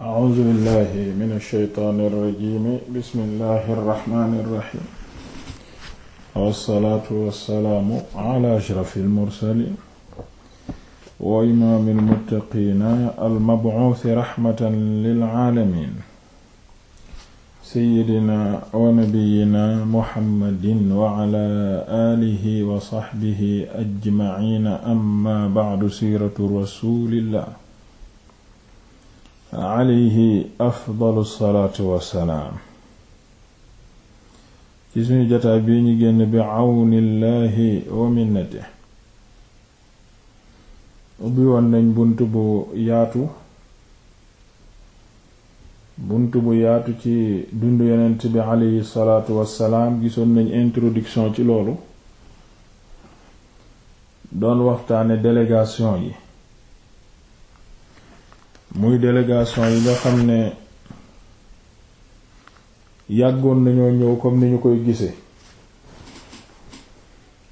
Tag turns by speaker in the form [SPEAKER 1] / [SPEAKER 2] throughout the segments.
[SPEAKER 1] a'uuzu billahi mina shaytaani rajiim bismillahi rahmaani rahiim wassalaatu wassalaamu ala ashrafil mursaliin wa imaamil muttaqiina al-mab'uusi rahmatan lil aalamiin sayyidinaa wa nabiyyinaa muhammadin wa ala aalihi wa sahbihi ajma'iina amma ba'du siiratu rasuulillah alayhi ci suñu jataay bii ñu génn bi àwnillaahi wa minnati ubbi woon nañ bunt bu yaatu bunt bu yaatu ci dund yonent bi alayhi salaatu wassalaam gisoon nañ introduction ci loolu doon waxtaane délégation yi muy délégation yi nga xam ne yàggoon nañoo ñëw comme ni ñu koy gisee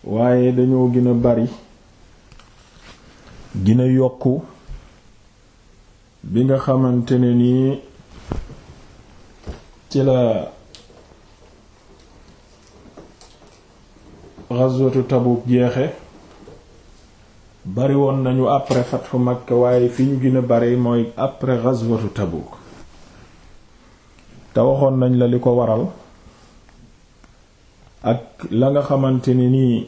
[SPEAKER 1] waaye dañoo gën a bari gën a yokku bi nga xamante ne nii ci la ghazwatu Tabuk jeexe bariwoon nañu après fatxu Makka waaye fi ñu gën bari mooy après ghazwatu Tabuk te waxoon nañ la li ko waral ak la nga xamante ni nii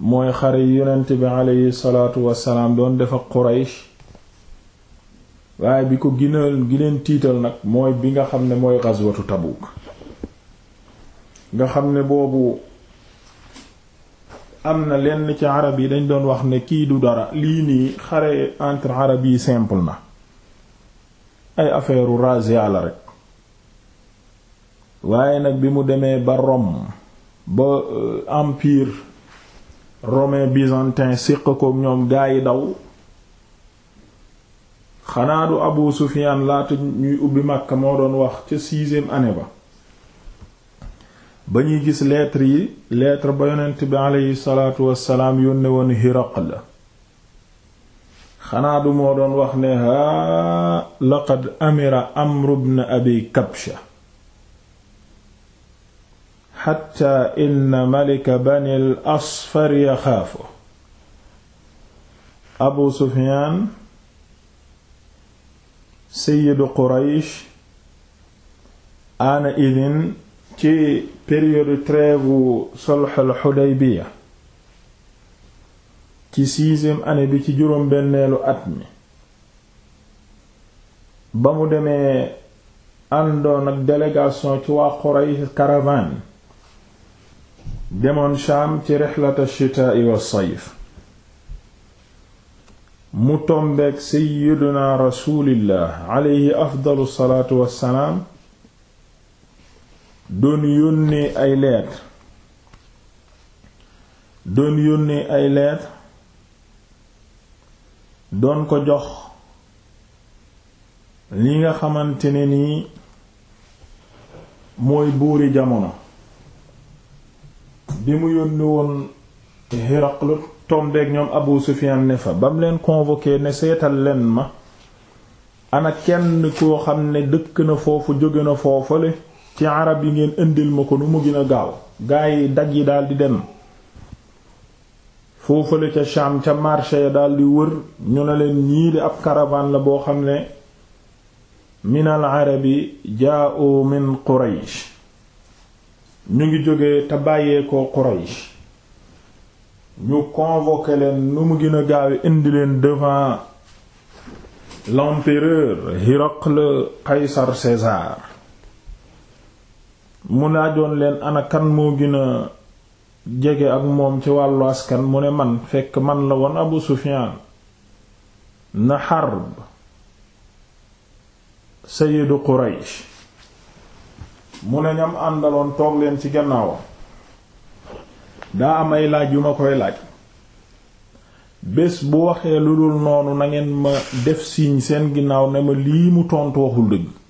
[SPEAKER 1] mooy xare yi yonent bi aleyhi salaatu wasalaam doon defa ak Quraysh waaye bi ko gi gineen tiital nag mooy bi nga xam ne mooy ghazwatu Tabuk nga xam ne boobu am na lenn ci arab yi dañ doon wax ne kii du dara lii nii xare entre arab yi simple na ay affaire razzia la rek waaye nag bi mu demee ba Rome ba euh, empire romain byzantin siq ko ñoom gaa daw xanaa du Abu Sufyan laata ñuy ubbi Makka moo doon wax ca sixième année ba ba ñuy gis lettre yi lettre ba yonent bi aleyhi salaatu wassalaam yónne woon Hiraql xanaa du moo doon wax ne haa laqad amira amru bn abi kabsha xatta inna malika bani l asfar yaxaafu abu sufyaan seyidu quraysh aana idin ci période trêve solxal Xudaybiya ci sixième année bi ci juróom benneelu at mi ba mu demee àndoon ak délégation ci waa Quraysh caravane demoon Shaam ci rixlata shitaa'i wa sayf mu tombeek sayyiduna rasulillah aleyhi afdalu salaatu wassalaam doon yónnee ay lettre doon ko jox li nga xamante ne nii mooy buuri jamono bi mu yónni woon Hiraqlu tombeeg ñoom Abu Sufyan ne fa bam leen convoqué ne seetal leen ma ana kenn koo xam ne dëkk na foofu jóge na foofale ci arab yi ngeen indil ma ko nu mu gën a gaaw gaa yi daj yi daldi dem foofale ca Sham ca marché ya daldi wër ñu ne leen ñii ab caravane la boo xam ne minal al arabi jaa'u min Quraysh ñu ngi jóge te bàyyeekoo Quraysh ñu convoqué leen nu mu gën a gaawe indi devant l'empereur Hiraqle Qaysar César mu laajoon leen anakan moo gën jege ak moom ci wàllu askan mu ne man fekk man la woon abu sufiyaan na xarb sayidu quraysh mu ne ñam àndaloon toog leen ci gannaawam daa am laaj yu ma koy laaj bés bu waxee lu dul noonu na ma def signe seen ginnaaw ne ma lii mu tontu waxul dëgg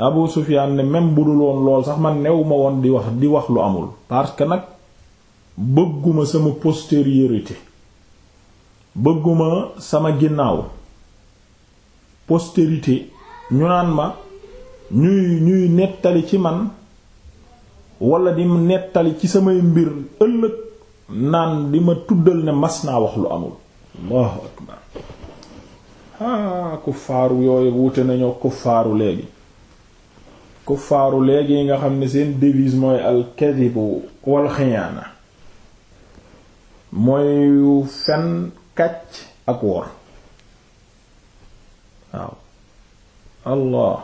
[SPEAKER 1] Abu Sufyan ne même bu dul woon lool sax man new ma woon di wax di wax lu amul parce que nag bëgguma sama postériorité bëgguma sama ginnaaw postérité ñu naan ma ñuy ñuy nettali ci man wala di nettali ci samay mbir ëllëg naan di ma tuddal ne mas naa wax lu amul allahu akbar ah kuffaaru yooyu wute nañoo kuffaaru léegi kuffaaru léegi nga xam ne seen devise mooy alkadibu wal xiyaana mooy fen kàcc ak wor waaw allah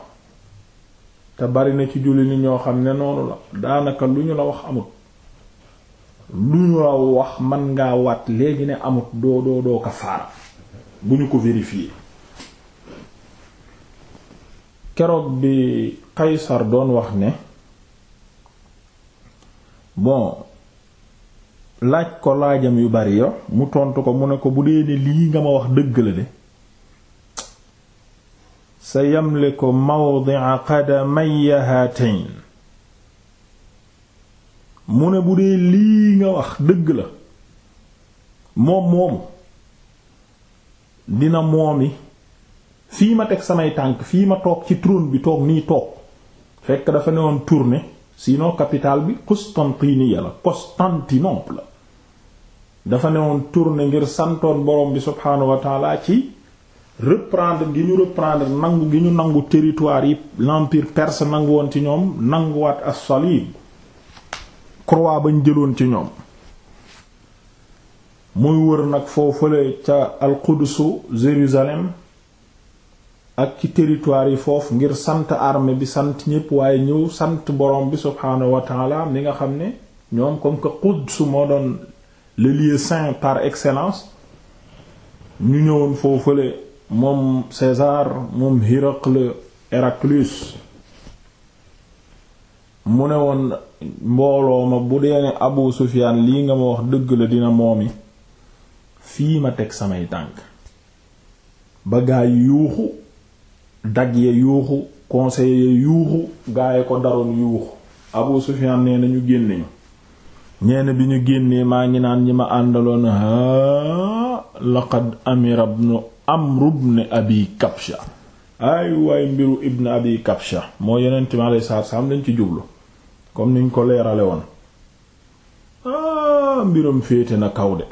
[SPEAKER 1] te bari na ci julli ni ñoo xam ne noonu la daanaka lu ñu la wax amut lu ñu la wax man ngaa waat léegi ne amut doo doo doo kafaara bu ñu ko vérifier keroog bi Qaysar doon wax ne bon laaj ko laajam yu bari yo mu tontu ko mu ne ko bu dee ne lii nga ma wax dëgg la de sa yamliku mawdi'a qadamayya hatayn mu ne bu dee lii nga wax dëgg la moom moomu dina moomi fii ma teg samay tànk fii ma toog ci trône bi toog nii toog fekk dafa ne woon tourner sinon capitale bi Constantiniya la Constantinople dafa ne woon tourner ngir santoon borom bi subhaanahu wa ci reprendre gi ñu reprendre nangu gi ñu nangu territoire yi l'empire perse nangu woon ci ñoom nanguwaat as-salib croix bañ jëloon ci ñoom muy wër nag foofale ca al-Quds Jérusalem ak ci teritoire yi foofu ngir sant armée bi sant ñépp waaye ñëw sant borom bi subhaanahu wa taala mi nga xam ne ñoom comme que Quds moo doon le lieu saint par excellence ñu ñëwoon foofale moom César moom Héracle Héraclius mu ne woon mbooloo ma bu dee ne Abu Sufyaan lii nga ma wax dëgg la dina moomi fii ma teg samay tànk ba gaay yuuxu dag ya yuuxu conseil ya yuuxu gaa yi ko daroon yuuxu Abu Sufyan nee na ñu génne ñeena bi ñu génnee maa ngi naan ñi ma àndaloon haa laqad amira ibnu Amr ibn Abi Kabsha ay waay mbiru ibn Abi Kabsha moo yenente mi alei saatu salaam lañ ci jublu comme niñ ko leerale woon aa mbiram féete na kaw de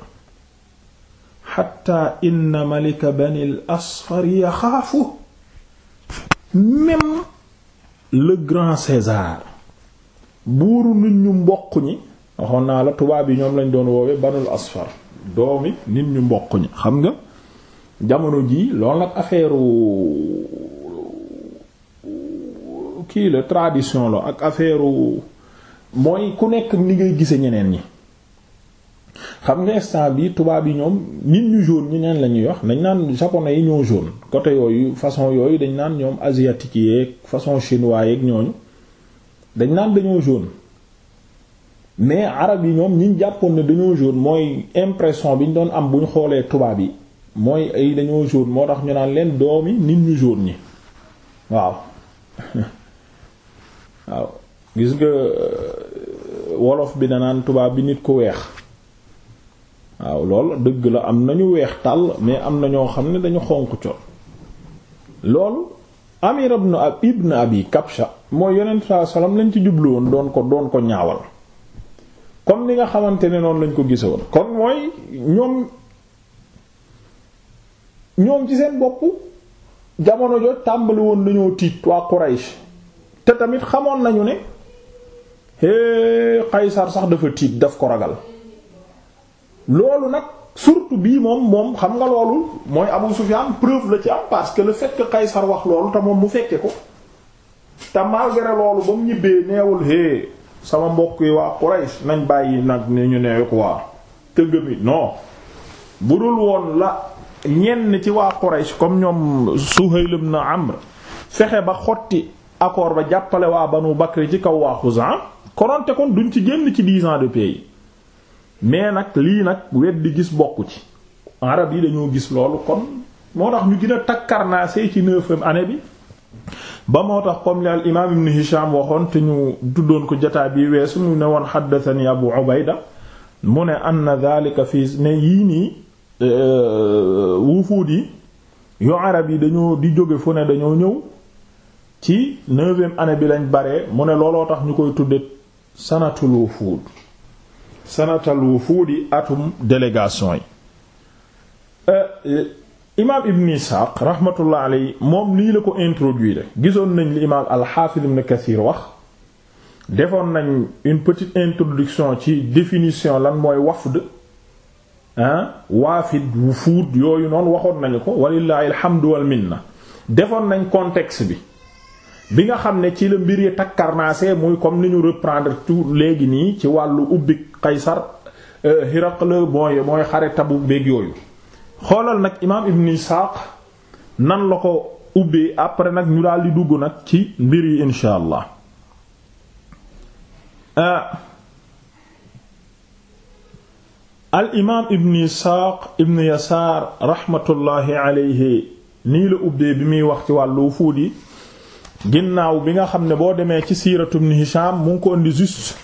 [SPEAKER 1] xatta inna malika bani al asfar yaxaafu même le grand César buuru nit ñu mboq ñi waxoon naa la tubaab yi ñoom lañ doon woowee banul asfar doomi nit ñu mboq ñi xam nga jamono jii lool nag affaire kii la tradition la ak affaire mooy ku nekk ni ngay gise ñeneen ñi xam nga instant bi tubaab yi ñoom nit ñu jaune ñi neen la ñuy wax dañ naan japonais yi ñoo jaune côté yooyu façon yooyu dañ naan ñoom asiatique yeeg façon chinois yeeg ñooñu dañ naan dañoo jaune mais arab yi ñoom ñiñ jàppoon ne dañoo jaune mooy impression bi ñu doon am bu ñu xoolee tubaab yi mooy ay dañoo jaune moo tax ñu naan leen doomi nit ñu jaune ñi waaw waaw gis nga euh, wolof bi na naan tubaab bi nit ko weex waaw loolu dëgg la am na ñu weex tàll mais am na ñoo xam ne dañu xonq col loolu amir ibn ab ibn abi kabsha mooy yonent saa salaam lañ ci jublu woon doon ko doon ko ñaawal comme ni nga xamante ne noonu lañ ko gise woon kon mooy ñoom ñoom ci seen bopp jamono jo tàmbali woon nañoo tiit waa Quraysh te tamit xamoon nañu ne hee Qaysar sax dafa tiit daf ko ragal loolu nag surtout bii moom moom xam nga loolu mooy Abu Sufyan preuve la ci am parce que le fait que Qaysar wax loolu te moom mu fekke ko te malgré loolu ba mu ñibbee neewul hé sama mbokk yi waa Quraysh nañ bàyyi nag ni ñu neewe ko waa tëggami non bu dul woon la ñenn ci waa Quraysh comme ñoom Suhayl na Amr fexe ba xotti accord ba jàppale waa Banu Bakr ci kaw waa Xuzan konoonte kon duñ ci génn ci dix ans de pays mais nag lii nag weddi gis bokku ci arab yi dañoo gis loolu kon moo tax ñu gën a takkarnaasee ci neuvième année bi ba moo tax comme li al imaam ibn Hisham waxoon te ñu tuddoon ko jataa bi weesu mu ne woon xaddatani Abu Ubayda mu ne anna dhalika fiis ne yii nii e, e, wufuud yi yu arab yi dañoo di jóge fu ne dañoo ñëw ci neuvième année bi lañ bare mu ne looloo tax ñu koy tudde sanatul wufuud sanatal wufuudi atum délégation yi euh, imaam ibn isxaaq rahmatullah aley moom lii la ko introduire gisoon nañ li imaam alxaafid ibn kathir wax defoon nañ une petite introduction ci définition lan mooy wafd ah waafid wufuud yooyu noonu waxoon nañu ko walillahi alhamdu wal minna defoon nañ contexte bi bi nga xam ne ci la mbir yi takkarnaase muy comme ni ñu reprendre tout léegi nii ci wàllu ubbi Qaysar euh, Hiraql mooy mooy xare Tabuk beeg yooyu xoolal nag imaam Ibn Isaaq nan la ko ubbi après nag ñu daal di dugg nag ci mbir yi insha allah euh, al imaam Ibn Isaaq Ibn Yasaar rahmatullahi alayhi nii la ubbee bi muy wax ci wàllu yi ginnaaw bi nga xam ne boo demee ci siiratu Ibn Hisham mu ngi ko indi juste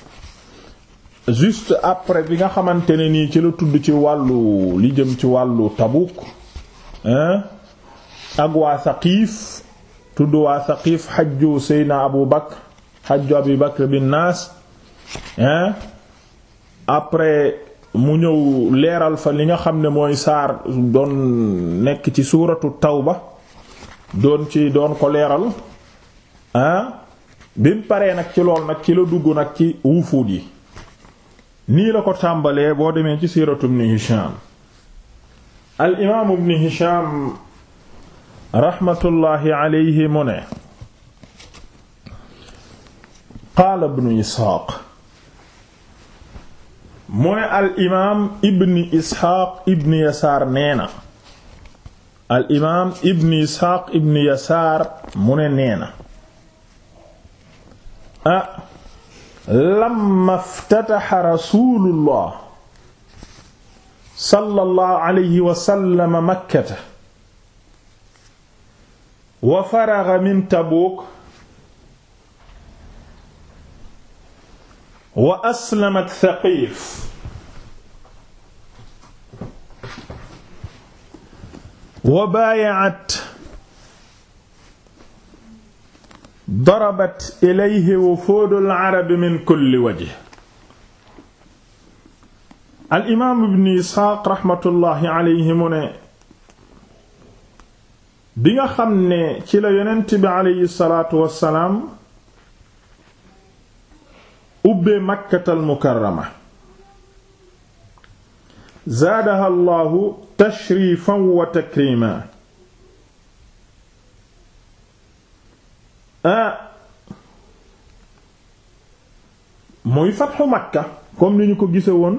[SPEAKER 1] juste après bi nga xamante ne nii ci la tudd ci wàllu li jëm ci wàllu Tabuk ak waa Saqiif tudd waa Saqiif xajju Seydina Abu Bakr xajju Abi Bakr bin Naas après mu ñëw leeral fa li nga xam ne mooy saar doon nekk ci suuratu taw ba doon ci doon ko leeral ah bi mu paree nag ci lool nag ci la dugg nag ci wufuud yi nii la ko tàmbalee boo demee ci siiratu ibn Hisham al imaamu ibn Hisham raxmatullaahi alayhi mu ne qaala ibnu Isxaaq mu ne al imaam ibn Isxaaq na al imaam ibn Isxaaq ibn Yasaar mu ne nee na ah lamma ftataxa rasulullah sallallahu alayhi wa sallam makkata wa faraga min tabuuk wa aslamat Saqiif wa baaya'at darabat ilayhi wufuudul arabi min kulli wajh al imaam ibn isxaaq raxmatullaahi alayhi mu ne bi nga xam ne ci la yonent bi alayhi salaatu wassalaam ubbee makkatal mukarrama zaadaha allahu tashrifan wa takriman Euh, muy fatxu Makka comme ni ñu ko gise woon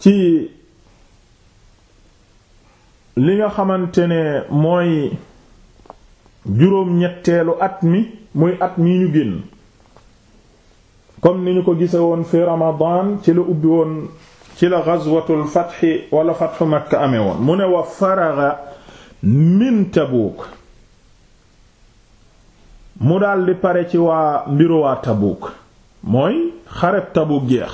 [SPEAKER 1] ci li nga xamante ne mooy juróom-ñetteelu at mi muy at mi ñu génn comme ni ñu ko gise woon fi Ramadan ci la ubbi woon ci la ghazwatul fathi wala fathu Makka amee woon mu ne wa faraga min Tabuk mu di pare ci waa mbiru waa Tabuuk mooy xareb Tabuuk jeex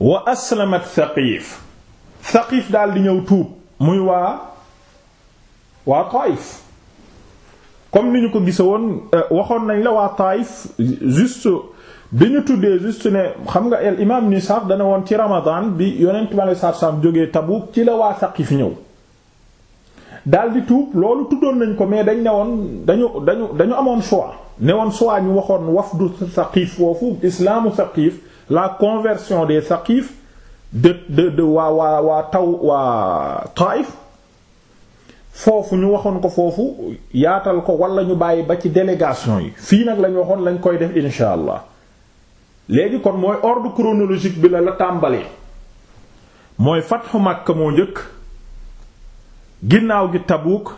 [SPEAKER 1] wa aslamat Saqiif Saqiif di ñëw tuub muy waa waa Taayif comme ni ñu ko gise woon euh, waxoon nañ la waa Taayif juste bi ñu tuddee juste ne xam nga al imaam Nisaaf dana woon ci Ramadan bi yonent bi sallallahu alayhi wasallam jógee Tabuuk ci la waa Saqiif ñëw daal di tuub loolu tuddoon nañ ko mais dañ ne woon dañu dañu dañu amoon choix ne woon choix ñu waxoon wafdu Saqif foofu islaamu Saqif la conversion des Saqif de de de waa waa waa taw waa Taif foofu ñu waxoon ko foofu yaatal ko wala ñu bàyyi ba ci délégation yi fii nag lañu waxoon lañ koy def insha allah léegi kon mooy ordre chronologique bi la la tàmbalee mooy fathu Makka moo njëkk ginnaaw gi tabuuk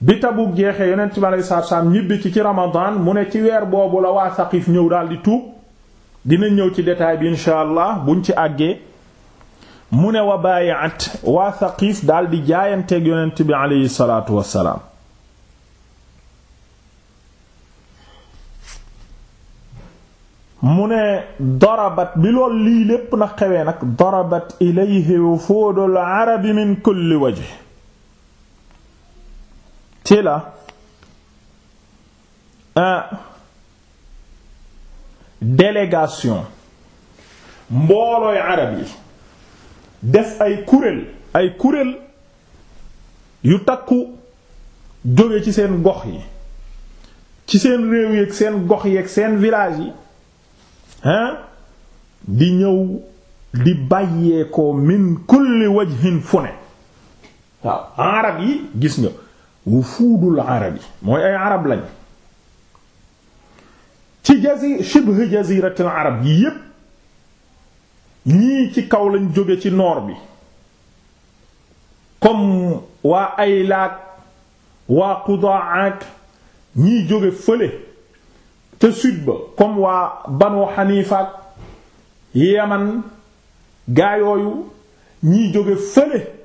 [SPEAKER 1] bi tabuuk jeexee yonent bi aleyhi salaatu salaam ñibbi ci ci ramadan mu ne ci weer boobu la waa Saqif ñëw daal di tuub dina ñëw ci détail bi incha allah buñ ci àggee mu ne wa baayaat waa Saqif daal di jaayanteeg yonent bi aleyhi salaatu wassalaam mu ne darabat bi lool lii lépp na xewee nag darabat ilayhi wufuudul arabi min kulli wajh ci la délégation mboolooy arab yi def ay kuréel ay kuréel yu takku jóge ci seen gox yi ci seen réew yeeg seen gox yeeg seen village yi hein di ñëw di bàyyeekoo min kulli wajhin fu ne waaw arab yi gis nga wufuudul arabi mooy ay arab lañ ci jazi shibh jaziratul arab yi yépp ñii ci kaw lañ jóge ci noor bi comme waa aylaak waa qudaak ñii jóge fële ca sud ba comme waa banu xaniifaak yaman gaayooyu ñii jóge fële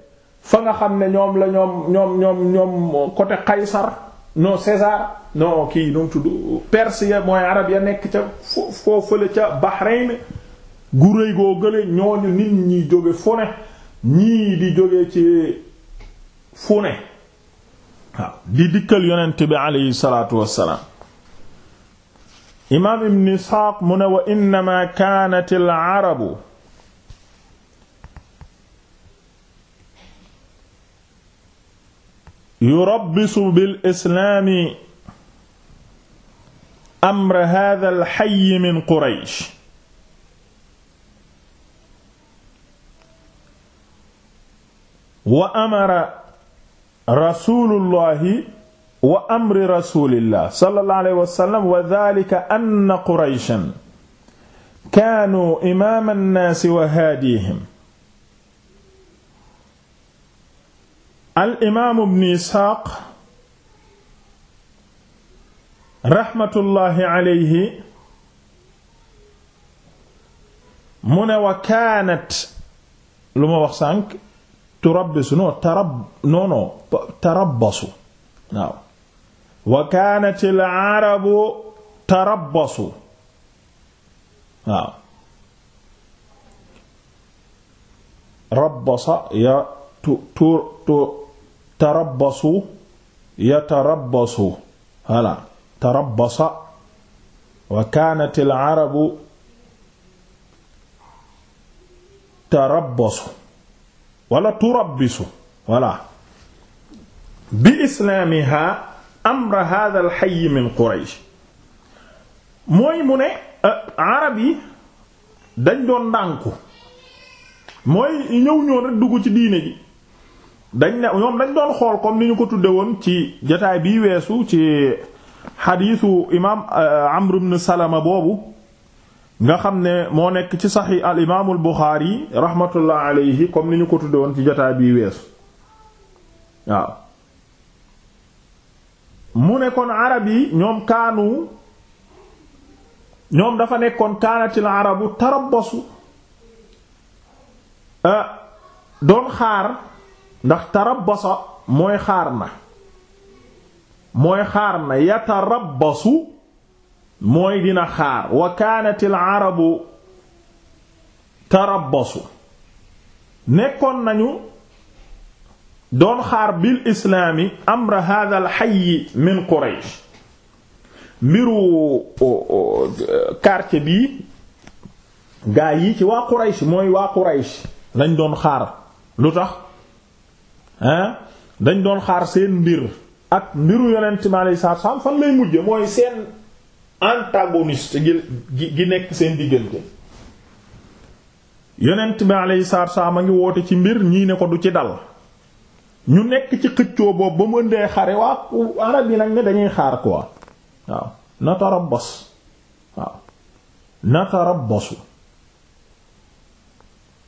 [SPEAKER 1] fa nga xam ne ñoom la ñoom ñoom ñoom ñoom côté Qaysar non César non kii nu mu tudd Perse ya mooy arab ya nekk ca foo ca Bahreïn gu rëy goo gële ñooñu nit ñi jóge fu ñii di jóge ci fune ne di dikkal yonent bi aleyhi salaatu wassalaam imaam ibn Isxaaq mu ne wa innama kaanat al arabu yurabbisu bil islaami amra haaza al-hayyi min Quraysh wa amara rasuulullahi wa amri rasuulillah sallallahu alayhi wa sallam wa dhaalika anna Qurayshan kaanuu imaama nnaasi wa haadiyihim al imaamu bnu isxaaq raxmatullaahi aleyhi mu ne wa kaanat lu ma wax sànq turabbisu non tarab non non tarabbasu waaw wa kaanat al arabu tarabbasu waaw rabbasa ya tu tu tarabbasu yatarabbasu voilà tarabbasa al arabu tarabbasu wala turabbisu voilà bi islaamiha amra hadha al hayy min quraysh mooy mu ne euh, arab yi dañ doon ndànku mooy ñëw ñoon rek dugg ci diine ji dañ ne ñoom dañ doon xool comme ni ñu ko tudde woon ci jataay bii weesu ci xadiisu imaam euh, Amr ibn Salama boobu nga xam ne moo nekk ci saxi al imaamul Buxaari rahmatullah alayhi comme ni ñu ko tudde woon ci jataay bii weesu waaw mu nekkoon arab yi ñoom kaanu ñoom dafa nekkoon kaanatil arabu tarabasu euh, doon xaar ndax tarabasa mooy xaar na mooy xaar na yatarabasu mooy dina xaar wa kaanat al arabu tarabasu nekkoon nañu doon xaar bil islaami amra hadha al hayy min quraysh mbiru karce bi gaa yi ci waa quraysh mooy waa quraysh lañ doon xaar lu tax dañ doon xaar seen mbir ak mbiru yonent bi aleyhi salaatu salaam fan lay mujje mooy seen antagoniste gi gi nekk seen diggante yonent bi aleyhi salaatu salaam a ngi woote ci mbir ñii ne ko du ci dal ñu nekk ci xëccoo boobu ba mu ëndee xare waa arab yi nag ne dañuy xaar quoi waaw natarabbas waaw natarabbasu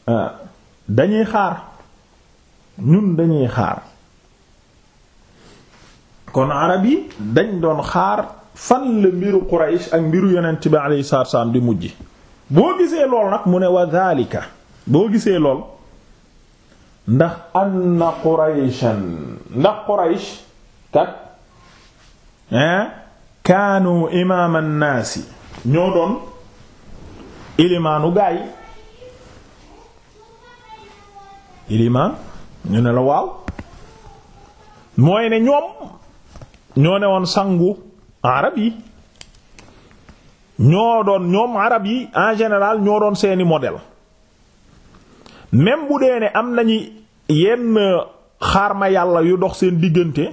[SPEAKER 1] ah. dañuy xaar ñun dañuy xaar kon arab dañ doon xaar fan la mbiru Quraysh ak mbiru yonent bi alayhi salaatu di mujj boo gisee lool nag mu ne wa dhalika boo gisee lool ndax anna Qurayshan ndax Quraysh kat hein kaanu imaam an-naasi ñoo doon ilimaanu gaay ilimaan ñu ne la waaw mooy ne ñoom ñoo ne woon sangu arab yi ñoo doon ñoom arab yi en général ñoo doon seeni modèle même bu dee ne am nañu yenn xaar ma yàlla yu dox seen diggante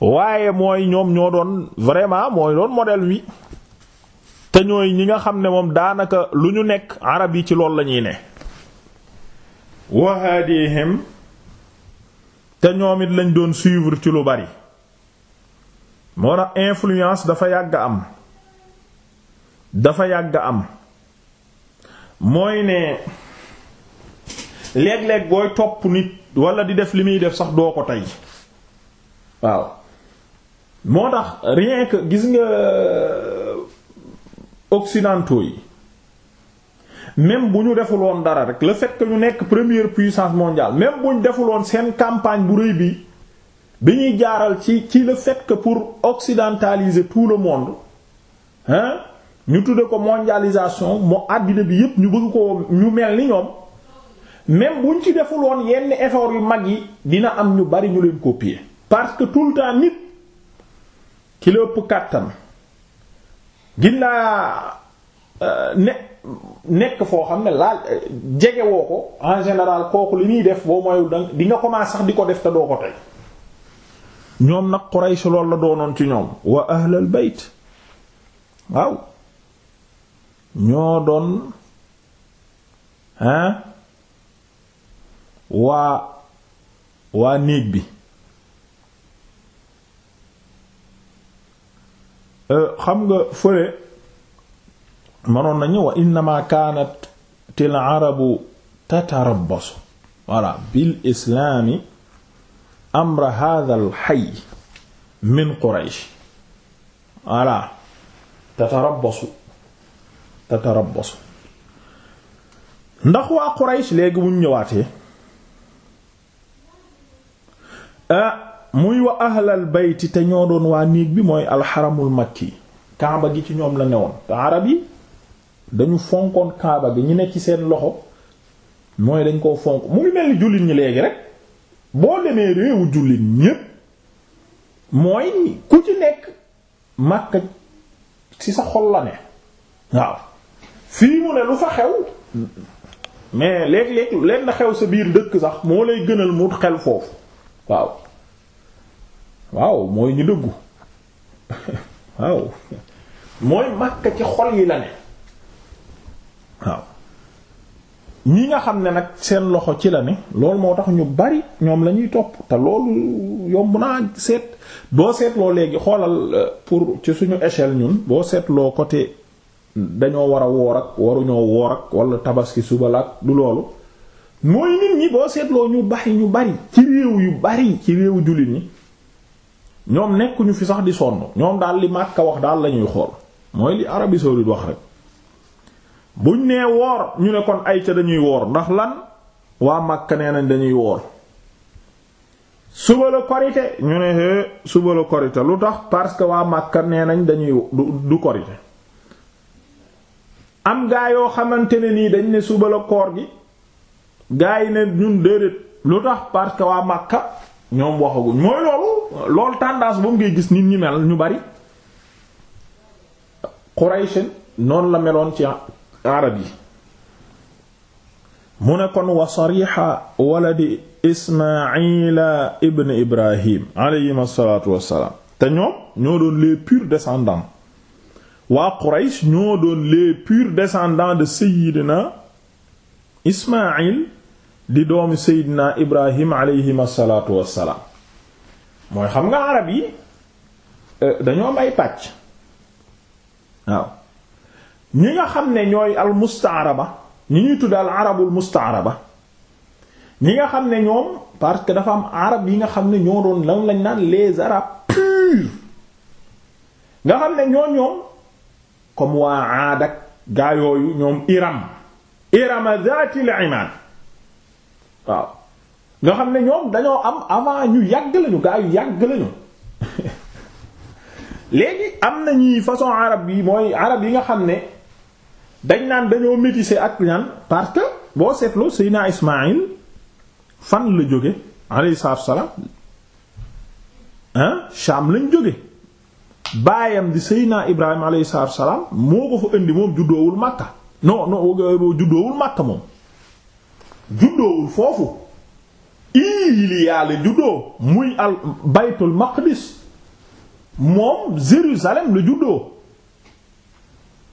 [SPEAKER 1] waaye mooy ñoom ñoo doon vraiment mooy doon modèle wi te ñooy ñi nga xam ne moom daanaka lu ñu nekk arab yi ci loolu lañuy ne wa haadihim te ñoom it lañ doon suivre ci lu bari moo tax influence dafa yàgg am dafa yàgg am mooy ne léeg-léeg booy topp nit wala di def li muy def sax doo ko tey waaw moo tax rien que gis nga euh, occidentaux yi même bu ñu deful woon dara rek la fait que ñu nekk première puissance mondiale même bu ñu defuloon seen campagne bu rëy bi bi ñuy jaaral ci ci le fait que pour occidentaliser tout le monde hein ñu tuddee ko mondialisation mu àddina bi yépp ñu bëgg ko ñu mel ni ñoom même buñ ci deful defuloon yenn effort yu mag yi dina am ñu bari ñu leen copier parce que tout le temps nit ki la ëpp kàttan ginnaa euh, ne nekk foo xam ne laal eh, jege woo ko en général kooku li ñuy def boo moyul da di nga commencé sax di ko def te doo ko tey ñoom nag Quraysh loolu doonoon ci ñoom wa ahlal doon hein waa waa néeg bi eh, xam nga fële manoon nañu wa innama kaanat til arabu tatarabbasu voilà bil islaami amra hadha al hayy min quraysh voilà tatarabbasu tatarabbasu ndax waa quraysh léegi buñ ñëwaatee muy wa ahlal bayti te ñoo doon waa néeg bi mooy alxaramul makki kaaba gi ci ñoom la newoon te arab dañu fonkoon kaaba bi ñu ne ci seen loxo mooy dañ koo fonk mu ngi mel ni jullit ñi léegi rek boo demee réewu jullit ñépp mooy ku ci nekk Makka ci sa xol la ne waaw fii mu ne lu fa xew mais léeg-léeg leen xew sa biir dëkk sax moo lay gënal mu xel foofu waaw waaw mooy ñu dëggu waaw mooy Makka ci xol yi la ne ñi nga xam ne nag seen loxo ci la ne loolu moo tax ñu bari ñoom la ñuy topp te loolu yomb naa seet boo seetloo léegi xoolal euh, pour ci suñu échelle ñun boo seetloo côté dañoo war a woor ak waruñoo woor ak wala tabaski suba la ak du loolu mooy nit ñi boo seetloo ñu baxi ñu bari ci réew yu bari ci réew jullit ñi ñoom nekkuñu fi sax di sonn ñoom daal li Makka wax daal la ñuy xool mooy li Arabie saoudite wax rek. buñ nee woor ñu ne kon ay ca dañuy woor ndax lan waa Makka nee nañ dañuy woor suba la korite ñu ne suba la korite lu tax parce que waa Makka nee nañ dañuy du du korite am gaa yoo xamante ne nii dañ ne suba la koor gi gaa yi ne ñun déedéet lu tax parce que waa Makka ñoom waxaguñ mooy loolu loolu tendance boobu ngay gis nit ñi mel ñu bari Quraysh noonu la meloon ci arab yi mu ne kon wa sarixa waladi ismaila ibn ibrahim alayhim asalatu wassalaam te ñoom ñoo doon les purs descendants waa quraysh ñoo doon les purs descendants de seydina ismail di doomi seydina ibrahim alayhim asalatu wassalaam mooy xam nga arab yi euh, dañoo may pàcc waaw ñi nga xam ne ñooy al mustaaraba ñi ñuy tudd al arabul mustaaraba ñi nga xam ne ñoom parce que dafa am arab yi nga xam ne ñoo doon lan lañ naan lee arabes purs nga xam ne ñooñ ñoom comme waa Aad ak yooyu ñoom Iram Irama zaatil imaan waaw nga xam ne ñoom dañoo am avant ñu yàgg lañu gaa yu yàgg lañu léegi am na ñuy façon arab yi mooy arab yi nga xam ne dañ naan dañoo métissé ak ñaan parce que boo seetloo Seydina Ismaïl fan la jóge alayhi salaatu wassalaam lañ jóge baayam di Seydina Ibrahim alayhi salaatu wassalaam moo ko fa indi moom juddoowul Makka non non juddoowul Makka moom juddoowul foofu Iliya la juddoo muy al Baytul Maqdis moom Jérusalem la juddoo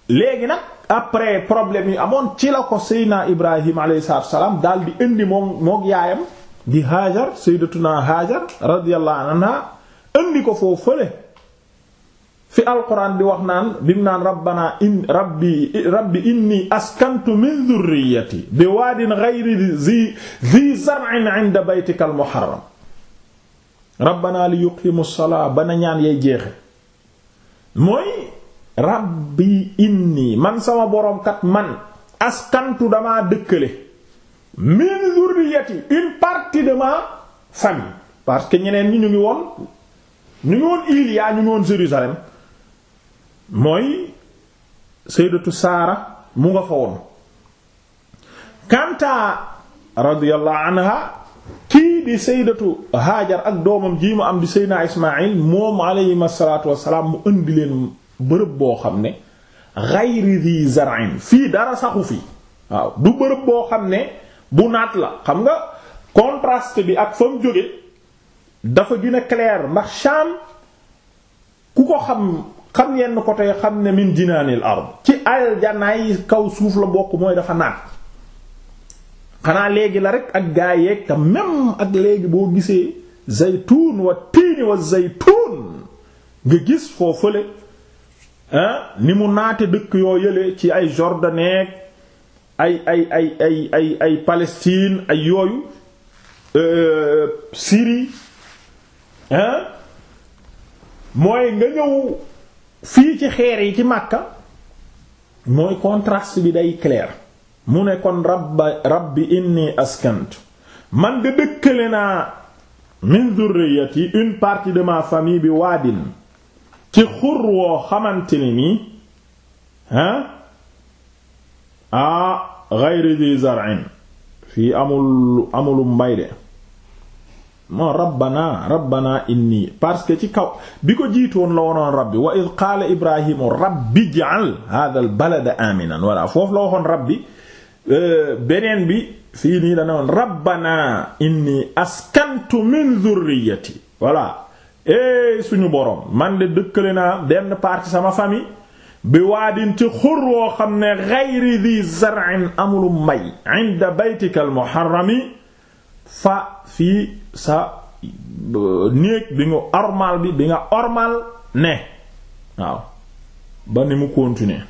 [SPEAKER 1] léegi nag après problème yi amoon ci la ko seydna ibrahim alayhi salaatu daal di indi moom mook yaayam di hajar sayyidatuna hajar radiyallahu anha indi ko foofu fële fi alquran di wax naan bim naan rabbana in rabbi inni askantu min dhurriyyati bi waadin ghayri zi zi zar'in 'inda baytika al rabbana li yuqimu salaa bana ñaan yay mooy rabbi inni man sama boroomkat man askantu damaa dëkkale min zurriyati une partie de ma famille parce que ñeneen ñi ñu ngi woon ñu ngi woon Iliya ñu ngi woon mooy sayyidatu Saara mu nga fa woon kanta radiyallahu anha kii di sayyidatu Hajar ak doomam jii mu am di sayyidina Ismaïl moom alayhi salaatu wassalaam mu indi leen bërëb boo xam ne ghayri dhi zar'in fii dara saxu fii waaw du bërëb boo xam ne bu naat la xam nga contraste bi ak fa mu jóge dafa gën a clair ndax Sham ku ko xam xam yenn côté xam ne min jinaanil ard ci aljanaay kaw suuf la bokk mooy dafa naat xanaa léegi la rek ak gaa yeeg te même ak léegi boo gisee zaytuun wa tiini wa zaytuun nga gis foo fële ni mu naate dëkk yoo yële ci ay Jordanek ay ay ay ay ay ay Palestine ay yooyu euh, euh, Syrie hein mooy nga ñëw fii ci xeer yi ci Makka mooy contraste bi day clair mu ne kon rabba rabbi inni askantu man de dëkkale naa min zurriyati une partie de ma famille bi waa waadin ci xur woo xamante ne nii ah a ghayri di zar'in fii amul amulu mbay de moo rabbana rabbana inni parce que ci kaw bi ko jiitoon la wonoon rabbi wa id qaala ibrahimu rabbi ij'al hadha al balada aminan voilà foofu la waxoon rabbi euh, beneen bi fii nii dana woon rabbana inni askantu min dhurriyyati voilà éey suñu borom man de dëkkale naa benn partie sama famille bi waadin ci xur woo xam ne gayri di zar'in amulu mbay inda baytika muharrami fa fii sa néeg bi nga ormal bi nga ormal ne waaw ba ni mu continuer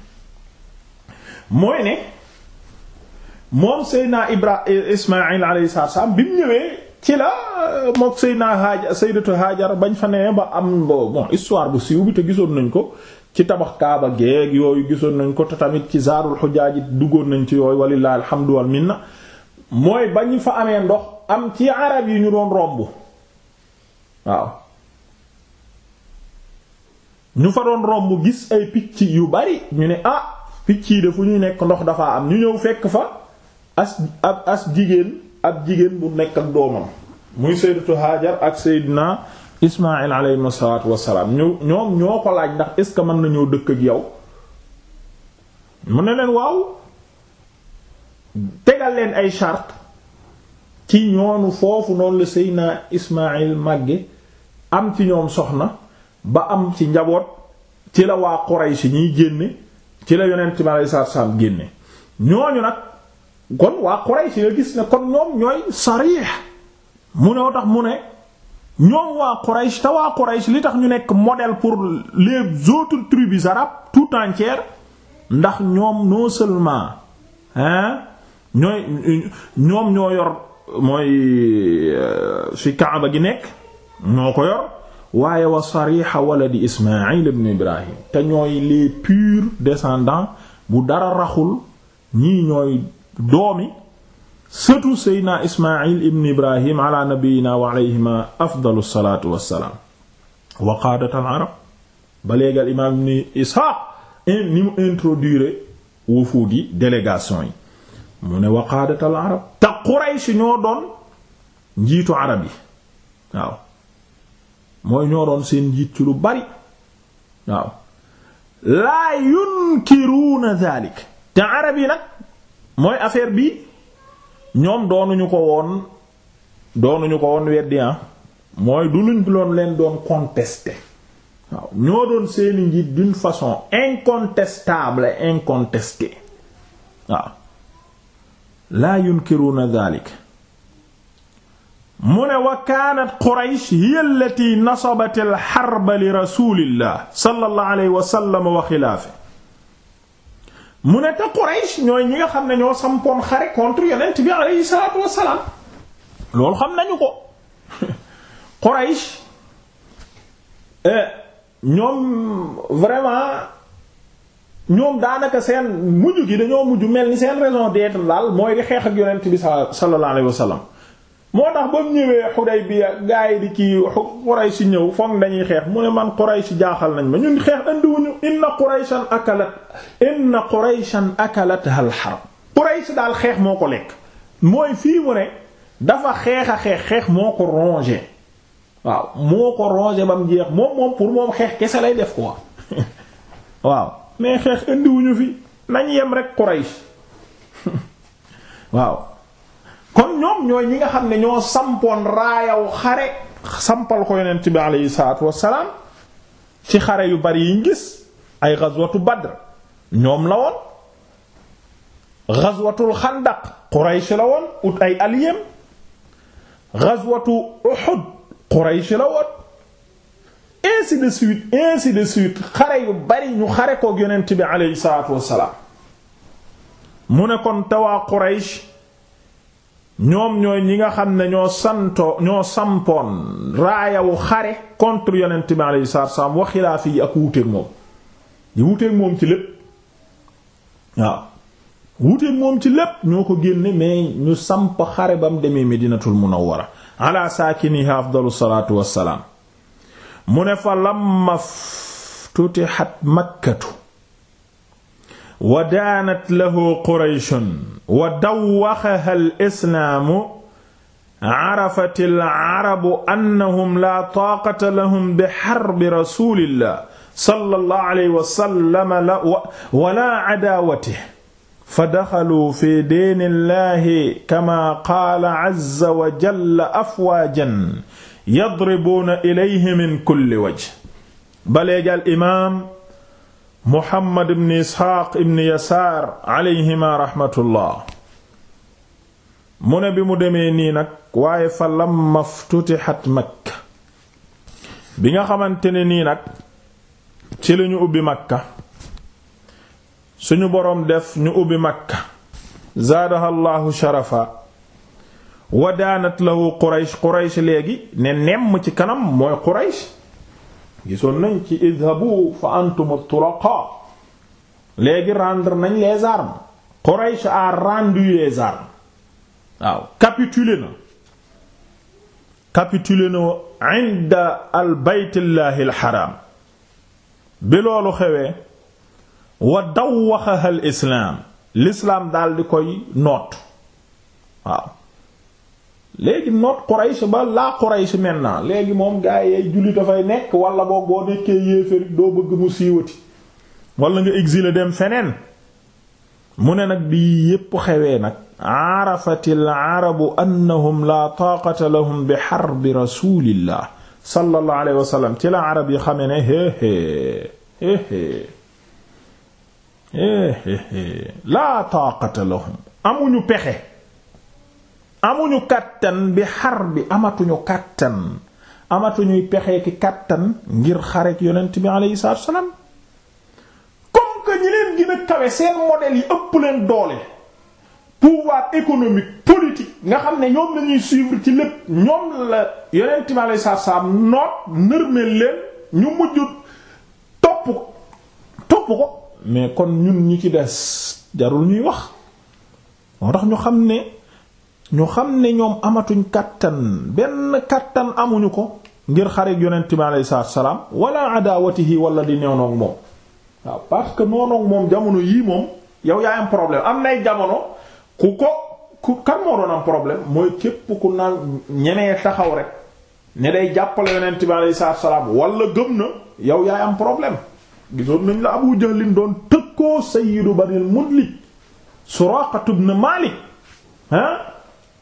[SPEAKER 1] mooy ne moom Seydina Ibra Ismaïl alayhi salaam bi mu ñëwee ci la euh, mook Seydina Hajar Sayyidatu Hajar bañ fa nee ba am bon histoire bu siiw bi te gisoon nañ ko ci tabax kaaba geeg yooyu gisoon nañ ko te tamit ci zaarul xujaaj duggoon nañ ci yooyu walillahi alhamdu wal minna mooy bañ fa amee ndox am ci arab yi ñu doon romb waaw ñu fa doon romb gis ay picc yu bari ñu ne ah picc yi de fu ñuy nekk ndox dafa am ñu ñëw fekk fa as as jigéen ab jigéen bu nekk ak doomam muy sayyidatu Hajar ak sayyidina Ismaïl alayhi salaatu wassalaam ñoom ñoo ko laaj ndax est ce que mën nañoo dëkk ak yow mu ne leen waaw tegal leen ay charte ci ñoonu foofu noonu la sayyidina Ismaïl màgge am ci ñoom soxna ba am ci njaboot ci la waa Quraysh ñiy génne ci la yonent bi alayhi salaatu génne ñooñu nag kon waa Quraysh nga gis na kon ñoom ñooy sarix mu ne woo tax mu ne ñoom waa Quraysh te waa Quraysh li tax ñu nekk modèle pour les autres tribus arabes tout entière ndax ñoom non seulement hein ñooy ñoom ñoo yor mooy euh, fi Kaaba gi nekk ñoo ko yor waaye wa sariha waladi Ismaïl ibn Ibrahim te ñooy les purs descendants bu dara raxul ñii ñooy doomi sëtu seydna ismail ibn ibrahim ala nabiyina wa alayhima afdalu salaatu wassalaam wa qaadatal imaam ibn isxaaq ni mu introduire wufuud yi délégation yi mu ne wa qaadatal arab te quraysh ñoo doon njiitu arab yi mooy ñoo doon seen njiit ci lu bari laa yunkiruuna daalik te arab yi nag mooy affaire bi ñoom doonuñu ko woon doonuñu ko woon weddi ah mooy du luñ doon leen doon contester waaw ñoo doon seeni njiit d'une façon incontestable et incontestée waaw laa yunkiruna dalik mu ne wa kaanat quraysh hiya allati al harba li rasulillah sallallahu wa sallam wa xilaafe mu ne te Quraysh ñooy ñi nga xam ne ñoo sampoon xare contre yonent bi alayhi salaatu wassalaam loolu xam nañu ko Quraysh eh, ñoom vraiment ñoom daanaka seen mujj gi dañoo mujj mel ni seen raison d'être daal mooy di xeex ak yonent bi sallallahu alayhi wasallam moo tax ba mu ñëwee Xudaybiya gaa yi di kii Quraysh ñëw foog dañuy xeex mu ne man si jaaxal nañ ma ñun xeex andiwuñu inna Qurayshan akalat inna Qurayshan akalat al harb Quraysh daal xeex moo ko lekk mooy fii mu ne dafa xeex a xeex xeex moo ko rongé waaw moo ko rongé ba mu jeex moom moom pour moom xeex kese lay def quoi waaw mais xeex andiwuñu fi nañ yem rek Quraysh waaw kon ñoom ñooy ñi nga xam ne ñoo sampoon raayaw xare sampal ko yonent bi aleyhi salaatu wassalaam ci xare yu bari yi gis ay ghazwatu Badr ñoom la woon ghazwatul xandaq Quraysh la woon ut ay aliyem ghazwatu Uhud Quraysh la woon ainsi de suite ainsi de suite xare yu bari ñu xare koog yonent bi aleyhi salaatu wassalaam mu ne kon tawaa Quraysh ñoom ñooy ñi nga xam ne ñoo santoo ñoo sampoon raayawu xare contre yonent bi alayhi salaatu wa xilaaf yi ak wuuteeg moom di wuuteeg moom ci lépp waaw wuuteeg moom ci lépp ñoo ko génne mais ñu samp xare ba mu demee dinatul Munawwara ala saakiniha afdalu salaatu wassalaam mu ne fa lamma futtihat makkatu wa daanat lahu qurayshun wa dawwaxaha al islaamu arafat al arabu annahum laa taaqata lahum bi xarbi rasulillah sallallahu alayhi wa sallam wa laa cadaawatihi fa daxalu fi diini llahi kama qaala azza wa jalla afwaajan yadribuuna ilayhi min kulli wajh baleegal imaam Muhammad ibn Isxaaq ibn Yasaar alayhima raxmatullah mu ne bi mu demee nii nag waaye fa lamma ftutixat Makka bi nga xamante ne nii nag ci lañu ubbi Makka suñu boroom def ñu ubbi Makka zaadaha llaahu sharafa wa daanat lahu Quraysh Quraysh léegi ne nemm ci kanam mooy Quraysh gisoon nañ ci idhabu fa antum turaqa léegi rendre nañ les armes Quraysh a rendu les armes waaw capitulé na capitulé na inda al baytillahi al haram bi loolu xewee wa dawwaxaha al islaam l'islaam daal di koy noot waaw léegi noot Quraysh ba laa Quraysh maintenant léegi moom gaa yi ay jullit dafay nekk wala boo boo nekkee yéefér doo bëgg mu siiwati wala nga exilé dem feneen mu ne nag bi yépp xewee nag arafatil arabu annahum la taaqata lahum bi xarbi rasulillah sallallahu alayhi wa sallam ci la arab yi xamee ne héehée héehée héehée la taaqata lahum amuñu pexe amuñu kàttan bi xar bi amatuñu kàttan amatuñuy pexee ki kàttan ngir xareek yonent bi alayhi salaatu wa salaam comme que ñi leen gën a kawe seen modèle yi ëpp leen doole pouvoir économique politique nga xam ne ñoom lañuy suivre ci lépp ñoom la yonent bi alayhi salaatu wa salaam noot leen ñu mujj topp ko mais kon ñun ñi ci des jarul ñuy wax moo tax ñu xam ne ñu xam ne ñoom amatuñ kàttan benn kàttan amuñu ko ngir xareeg yonent bi alayhi salaam wala adawatihi wala di noonoog moom waaw parce que noonoog moom jamono yii moom yow yaa am problème am nay jamono ku ko ku kan moo doon am problème mooy képp ku naan ñenee taxaw rek ne day jàppale yonent bi alayhi salaam wala gëm na yow yaay am problème gisoon nañ la Abu Jahlin doon tëkkoo sayyidu Banil Mudlij Suraqatu ibn Malik ah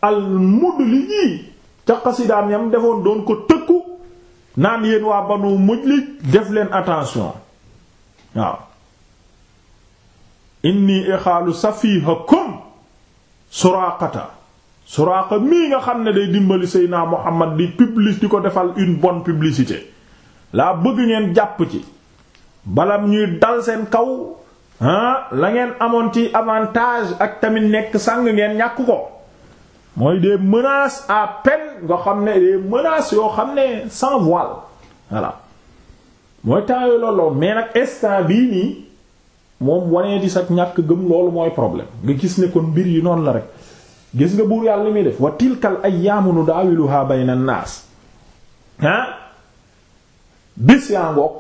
[SPEAKER 1] al-Mudlij yi ca xasidaam yam defoon doon ko tëkku naan yéen waa Banu Mudlij def leen attention waaw inni ixaalu safihakum Suraqata Suraqa mii nga xam ne day dimbali Seydina Muhammad di public di ko defal une bonne publicité laa bëgg ngeen jàpp ci balam ñuy dal seen kaw ah la ngeen amoon ci avantage ak tamit nekk sàng ngeen ñàkk ko mooy des menaces à peine nga xam ne des menaces yoo xam ne san voile voilà mooy taayoo loolu mais nag instant bii nii moom di sa ñàkk gëm loolu mooy problème nga gis ne kon mbir yi noonu la rek gis nga buur yàlla muy def wa tilkal ayyaamu nudaawiluhaa bayna naas ah bis yaa ngoog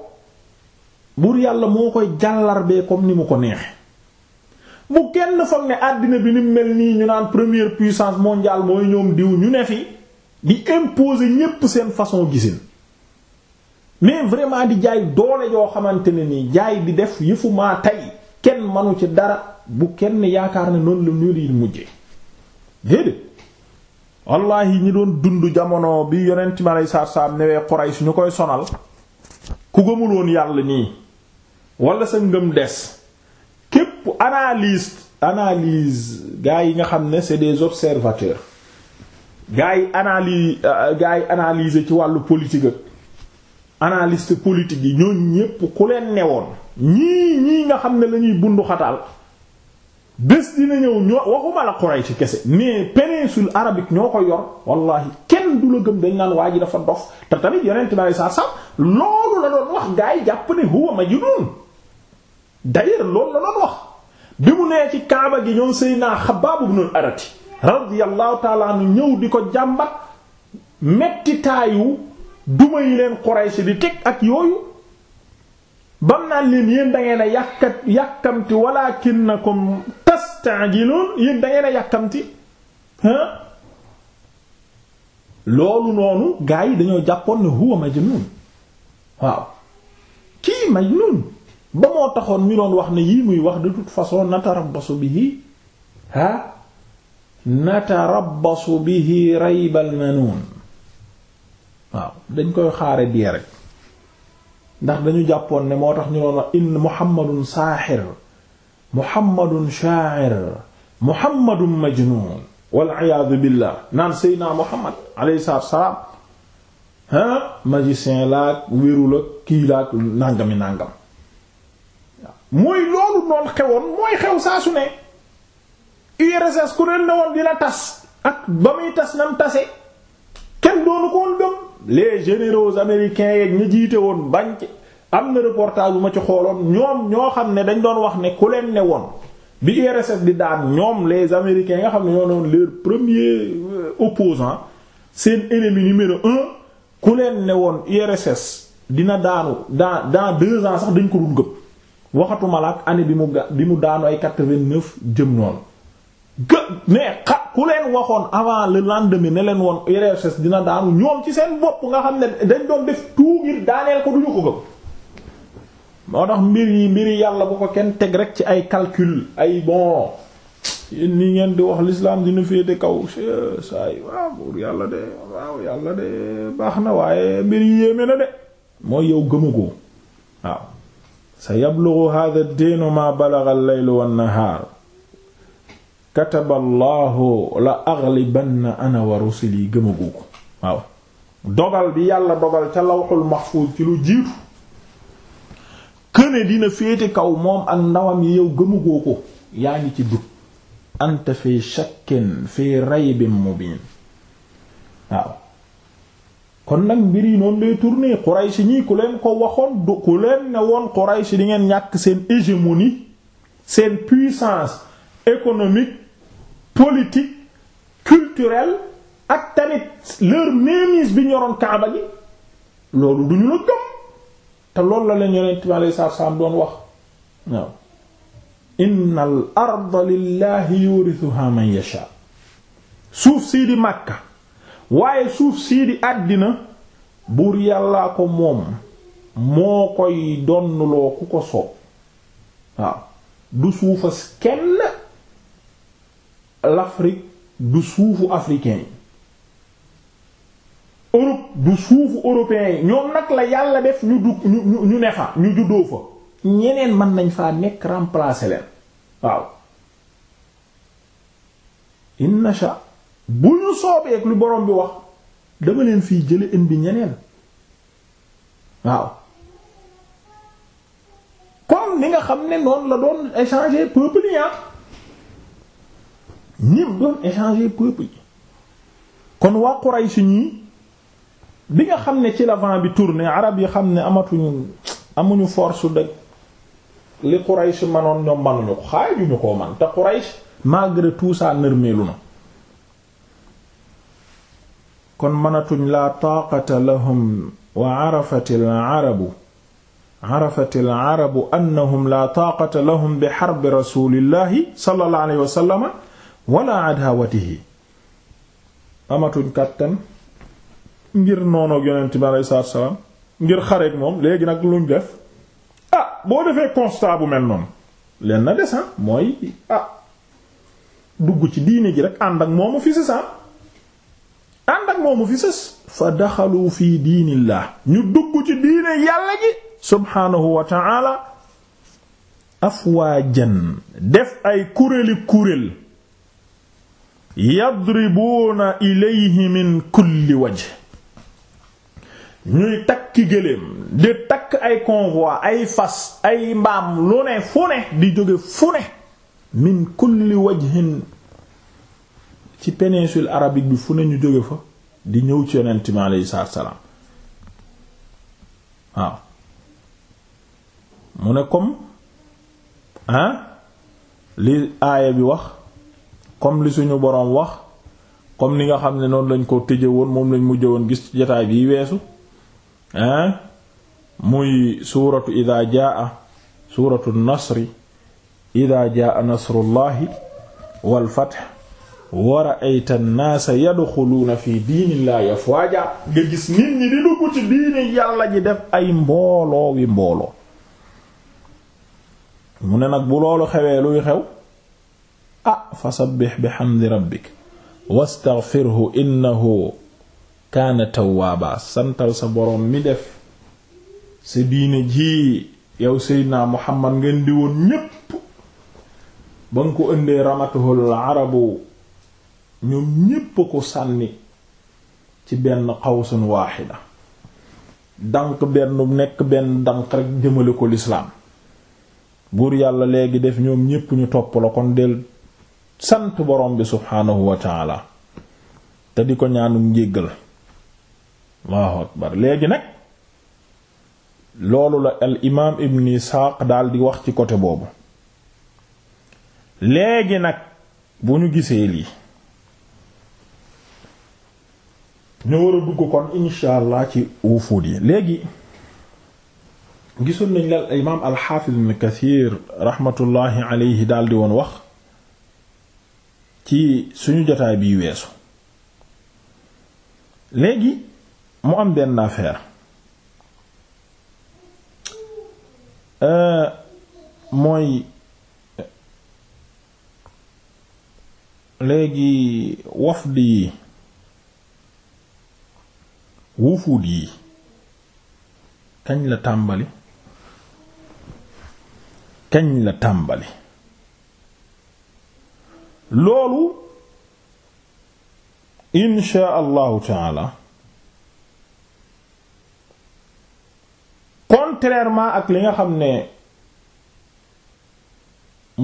[SPEAKER 1] buur yàlla moo koy jàllarbee comme ni mu ko neexe bu kenn foog ne àddina bi ni mel nii ñu naan première puissance mondiale mooy ñoom diw ñu ne fi di imposer ñépp seen façon gisin mais vraiment di jaay doole yoo xamante ne nii jaay di def yëfu maa tey kenn mënu ci dara bu kenn yaakaar ne noonu la ñu di mujjee déedéet wallaahi ñi doon dund jamono bi yonent mi aleyhi salaatu salaam newee Quraysh ñu koy sonal ku gëmuloon yàlla nii wala sa ngëm des képp analyse analyse gars yi nga xam ne c'est des observateurs gars yi analyse euh, gars yi analyser ci wàllu politique ak analyste politique yi ñooñu ñépp ku leen newoon ñii ñii nga xam ne lañuy ñuy bundu xataal bés dina ñëw ñoo waxuma la Quraysh kese mais péninsule arabique ñoo ko yor wallahi kenn du la gëm dañ naan waa ji dafa dof te tamit yonent bi sallallahu alayhi loolu la doon wax gars yi jàpp ne huwa majnun d'ailleurs loolu la doon wax bi mu nee ci kaaba gi ñoom Seydina Xabbaab ibn al-Arati radiyallahu ta'ala ñëw di ko jàmbat mettitaayu duma yi leen Quraysh di teg ak yooyu bam naan leen yéen da ngeen a yàkkat yàkkamti walaakinnakum tasta'jiluun yéen da ngeen a yàkkamti noonu dañoo jàppoon ne ba moo taxoon mi doon wax ne yii muy wax de toute façon natarabbasu bihi ha bi bihi raybal manuun waaw dañ koy xaare dee rek ndax dañu jàppoon ne moo tax ñu doon wax in muhammadun saaxir muhammadun shaa'ir muhammadun majnuun wal iyaadu billah naan seydinaa muhammad alayhi salaatu wassalaam ha magicien laak wéru la kii nàngami nàngam mooy loolu noonu xewoon mooy xew saa su ne URSS ku ne woon dina tas ak ba muy tas nam tase kenn doonu ko woon gëm les généraux américains yeeg ñu jiite woon bañ am na reportage bu ma ci xooloon ñoom ñoo xam ne dañ doon wax ne ku leen ne woon bi URSS di daan ñoom les américains nga xam ne ñoo doon leur premier euh, opposant seen ennemi numéro un ku leen ne woon URSS dina daanu dans dans deux sax dañ ko dul gëm waxatuma la ak année bi mu ga bi mu daanu ay quatre-vingt-neuf jëm noonu gë mais xa ku leen waxoon avant le lendemain ne leen woon URSS dina daanu ñoom ci seen bopp nga xam ne dañ doon def tout ngir daaneel ko duñu ko gëm moo tax mbir yi mbiri yàlla bu ko kenn teg rek ci ay calcul ay bon ni ngeen di wax l'islam dina di kaw saa yi waaw buur yàlla de waaw yàlla de baax na waaye mbir yi yéeme na de mooy yow gëmagoo waaw sa yablughu hadha diinu maa balagha al-laylu wan-nahaar kataba la aghlibanna ana wa rusuli gëmagu ko dogal bi yàlla dogal ca lawxul mahfuuz ci lu jiitu këne dina féete kaw moom ak ndawam yi yow gëmagoo ko yaa ngi ci dut anta fi shakkin fi raybin mubin waaw kon nag mbir yi noonu lay tourner si ñii ku leen ko waxoon du ku leen ne woon Quraysh di ngeen ñàkk seen hégémonie seen puissance économique politique culturel ak tamit leur mainmise bi ñoroon Kaaba gi loolu duñu la gëm te loolu la leen yonent bi alayhi salaatu salaam doon wax waaw inna al arda lillahi man yasha suuf sii di Makka waaye suuf sii di àddina buur yàllaa ko moom moo koy donnloo ku ko soob waaw du suufas kenn l'Afrique suufu africain yi Europe du suufu européen yi ñoom nag la yàlla def ñu du ñu ñu ne ñu juddoo fa ñeneen mën nañ faa nekk remplacer leen waaw in nasha bu ñu soobeek lu borom bi wax dama leen fii jële indi ñeneen waaw comme ni nga xam ne noonu la doon échanger peuple yi ñim ah. doon échanger peuple yi kon waa Quraysh ñii bi nga xam ne ci lavant bi tourné arab yi xam ne amatuñu amuñu force de li Quraysh manoon ñoom manuñu ko xaay juñu koo man te Quraysh malgré tout ça nërmeelu na kon mënatuñ la taaqata lahum wa arafati larabu arafati larabu annahum la taaqata lahum bi xarbi rasulillahi sallallahu alayhi wa sallama wala adawatihi amatuñ kàttan ngir noonoog yonent bi aleyhi salaam ngir xareeg moom léegi nag luñ def ah boo defee constat bu mel noonu leen ah, mooy ah dugg ci diine ji rek ànd moomu fi si sa ànd moomu fi sës fa daxalu fi diinillah ñu dugg ci diine yàlla ji subhaanahu wa ta'ala afwaajan def ay kuréli kuréel yadribuuna ilayhi min kulli wajh ñuy takki gëléem di takk ay convoi ay fas ay mbaam lu ne fu ne di jóge fu ne min kulli wajhin ci péninsule arabique bi fu ne ñu jóge fa di ñëw ci yonent mi aleyhi salaam waaw mu ne comme ah li aaya bi wax comme li suñu boroom wax comme ni nga xam ne noonu lañ ko tëje woon moom lañ mujje woon gis jotaay bi weesu ah muy suuratu ida jaa suuratu nasri ida jaa nasrullahi wal fath wa ra'ayta an-naasa yadxuluuna fi diinillaahi afwaaja nga gis nit ñi di dugg ci diini yàlla ji def ay mbooloo wi mbooloo mu ne nag bu loolu xewee luy xew ah fa sabbih bihamdi rabbik wastaghfirhu innahu kaana tawwaaba santal sa boroom mi def sa diine jii yow seydinaa muhammad ngeen di woon ñépp ba nga ko ëndee ramatuhul arabu ñoom ñépp ko sànni ci benn xaw xawsun waaxida danq benn nekk benn dank rek jëmale ko lislaam buur yàlla léegi def ñoom ñépp ñu topp la kon del sant borom bi subhaanahu wa te di ko ñaanum njéggal allahu akbar léegi nag loolu la al imaam ibn isxaaq daldi wax ci côté boobu léegi nag bu ñu gisee lii ñu war dugg kon insha ci wufuud yi léegi gisoon nañ la imaam alxaafiz ibn kathir raxmatullaahi aleyhi daldi woon wax ci suñu jotaay bi weesu léegi mu am benn affaire euh, mooy léegi wafdi yi wufuud yi kañ la tàmbali kañ la tàmbali loolu insha allahu taala contrairement ak li nga xam ne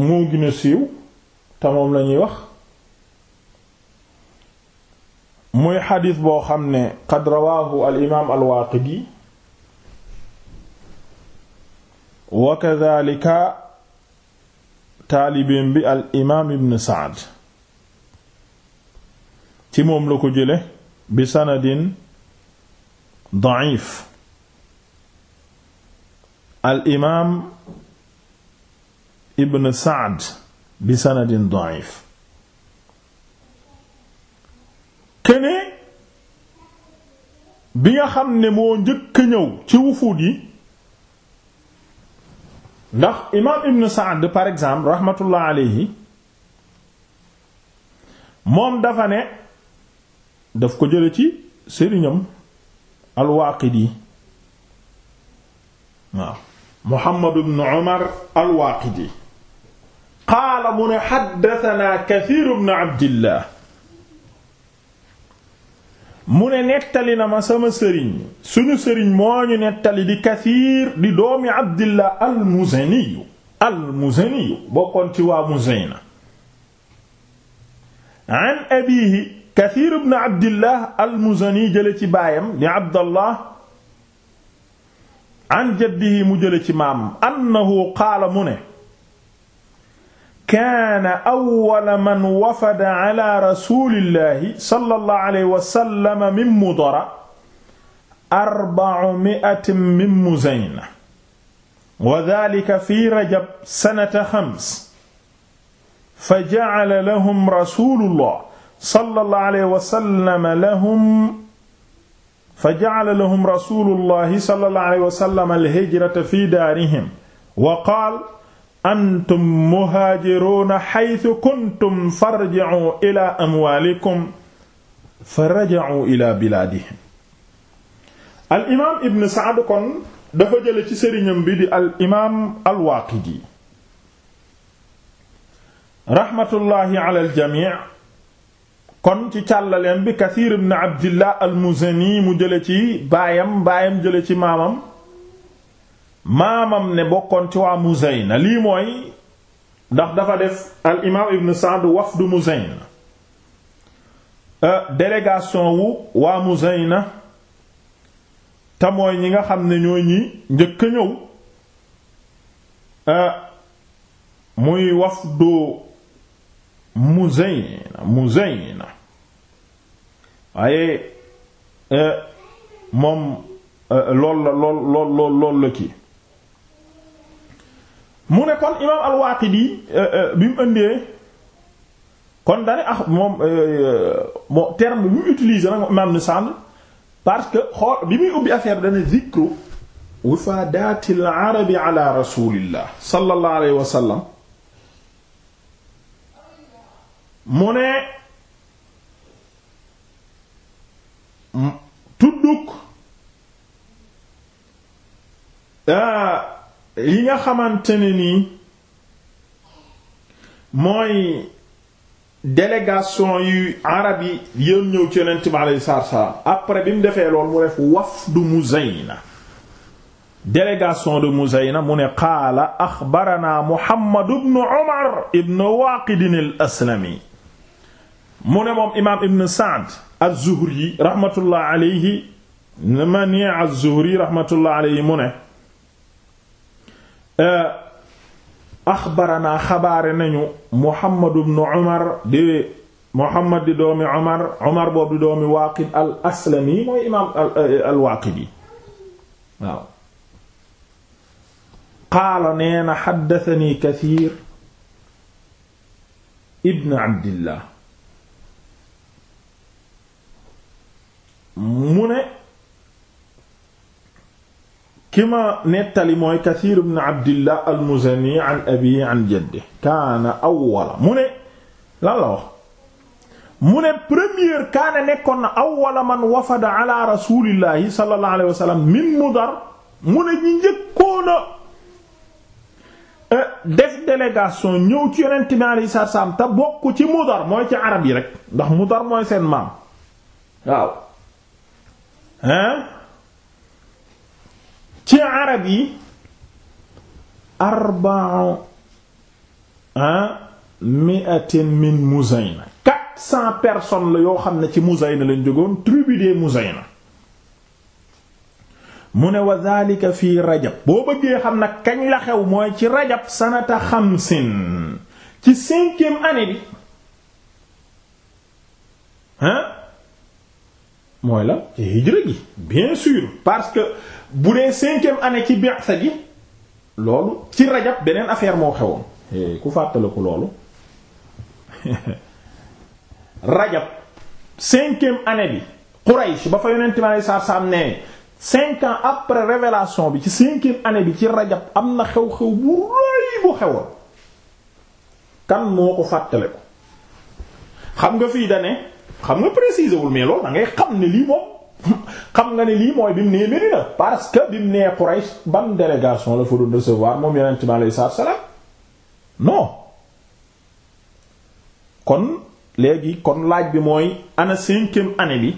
[SPEAKER 1] moo gën a siiw te moom lañuy wax muy xadis boo xam ne qad rawaahu al imaam al waaqidi bi al imaam ibn saad ci moom la ko jële bi sanadin da'if al imaam ibn bi sanadin da'if kene bi nga xam ne moo njëkk ñëw ci wufuud yi ndax imaam ibn Saad par exemple rahmatullah moom dafa ne daf ko jële ci sëriñam al-Waaqidi waaw Muhammad ibn Umar al-Waaqidi qaala mu ne haddathanaa Kathiir ibn Abdillah mu ne nettali na ma sama sëriñ suñu sëriñ moo nettali di kasiir di doomi abdillah al muzaniyu al bokkoon ci waa muzayna an abiihi kasiir ibn abdillah al muzani jële ci baayam di abdallah an jaddihi mu jële ci maam annahu qaala mu ne kaana awwala man wafada ala rasulillahi sallallahu alayhi wa sallam min Mudara arba'a mi'atin min Muzayna wa dhaalika fii rajab sanata xams fa ja'ala lahum rasulullah sallallahu alayhi wa sallam lahum fa ja'ala lahum rasulullah sallallahu alayhi wa sallam al-hijrata fii daarihim wa qaala antum muhaajiruuna xaytu kuntum farji'u ila amwaalikum farji'u ila bilaadihim al imaam ibn Saad kon dafa jële ci sëriñam bi di al imaam al Waaqidi raxmatullaahi ala jamii kon ci càllaleen bi Kasiir ibn Abdillah al Muzani mu jële ci baayam baayam jële ci maamam maamam ne bokkoon ci waa mu Muzayna lii mooy ndax dafa def al imaam ibn du mu Muzayna euh, délégation wu waa Muzayna te mooy ñi nga xam ne ñoo ñi njëkk a ñëw euh, muy wafdu Muzayna Muzayna waaye euh, moom lool la lool lool la kii mu ne kon imaam al-Waaqidi euh, euh, bi mu indee kon dane ax ah, moom euh, moo terme mu utilisé nag imaam ni sànn parce que xool bi muy ubbi affaire dane zikru wifaadaatil arabi ala rasulillah sallallahu alayhi mu ne tudduk ah yi nga xamante ne nii mooy délégation yu arab yi yéen ñëw ci yonent bi aleyhi après bi defee lool mu def wafdu Muzayna délégation de Muzayna mu ne qaala axbarana Muhammad ibn Umar ibn Waaqid al-Aslami mu ne moom imaam ibn Sa'd az-Zuhri rahmatullah aleyhi mu ne Euh, axbarana xabaare nañu Muhammad ibn Umar di Muhammad di doomi Umar Umar boobu di doomi Waaqid al aslami mooy imaam al euh, Waaqidi waaw qaala nee na xaddatani Kasiir ibn Abdillah mu ne ki ma nettali mooy Kasiir ibn Abdillah al-Muzani an abiihi an jaddihi mu ne lan wax mu ne première kaana nekkoon na awwala man wafada ala rasuulillahi sallallahu alayhi min Mudar mu ne ñi njëkkoon a eh, def délégation ñëw ci Yonent bi salaam te bokk ci Mudar mooy ci arab yi rek ndax Mudar mooy seen maam waaw hein ci arab yi arbaa ah, mi'atin min Muzayna quatre cent personnes la yoo xam ne ci Muzayna lañ jógoon tribu de Muzayna mu ne wa dhalika fii rajab boo bëggee xam na kañ la xew mooy ci rajab sanata xamsin ci cinquième année bi hein ah, mooy la ci hijra gi bien sûr parce que bu dee cinquième année ci bi'sa gi loolu ci rajab beneen affaire moo xewoon eh, ku fàttale fàttaliku loolu rajab cinquième année bi Quraysh ba fa yonent ma lay saar saam ne cinq ans après révélation bi ci cinquième année bi ci rajab am na xew-xew bu rëy bu xewoon kan moo ko fàttaliku xam nga fii dane xam nga préciser wul loolu da xam ne lii moom xam nga ne lii mooy bi mu nee Medina parce que bi mu nee Quraysh ban délégation la fa doon recevoir moom yonent bi aleyhi salaatu salaam non kon léegi kon laaj bi mooy ana cinquième année bi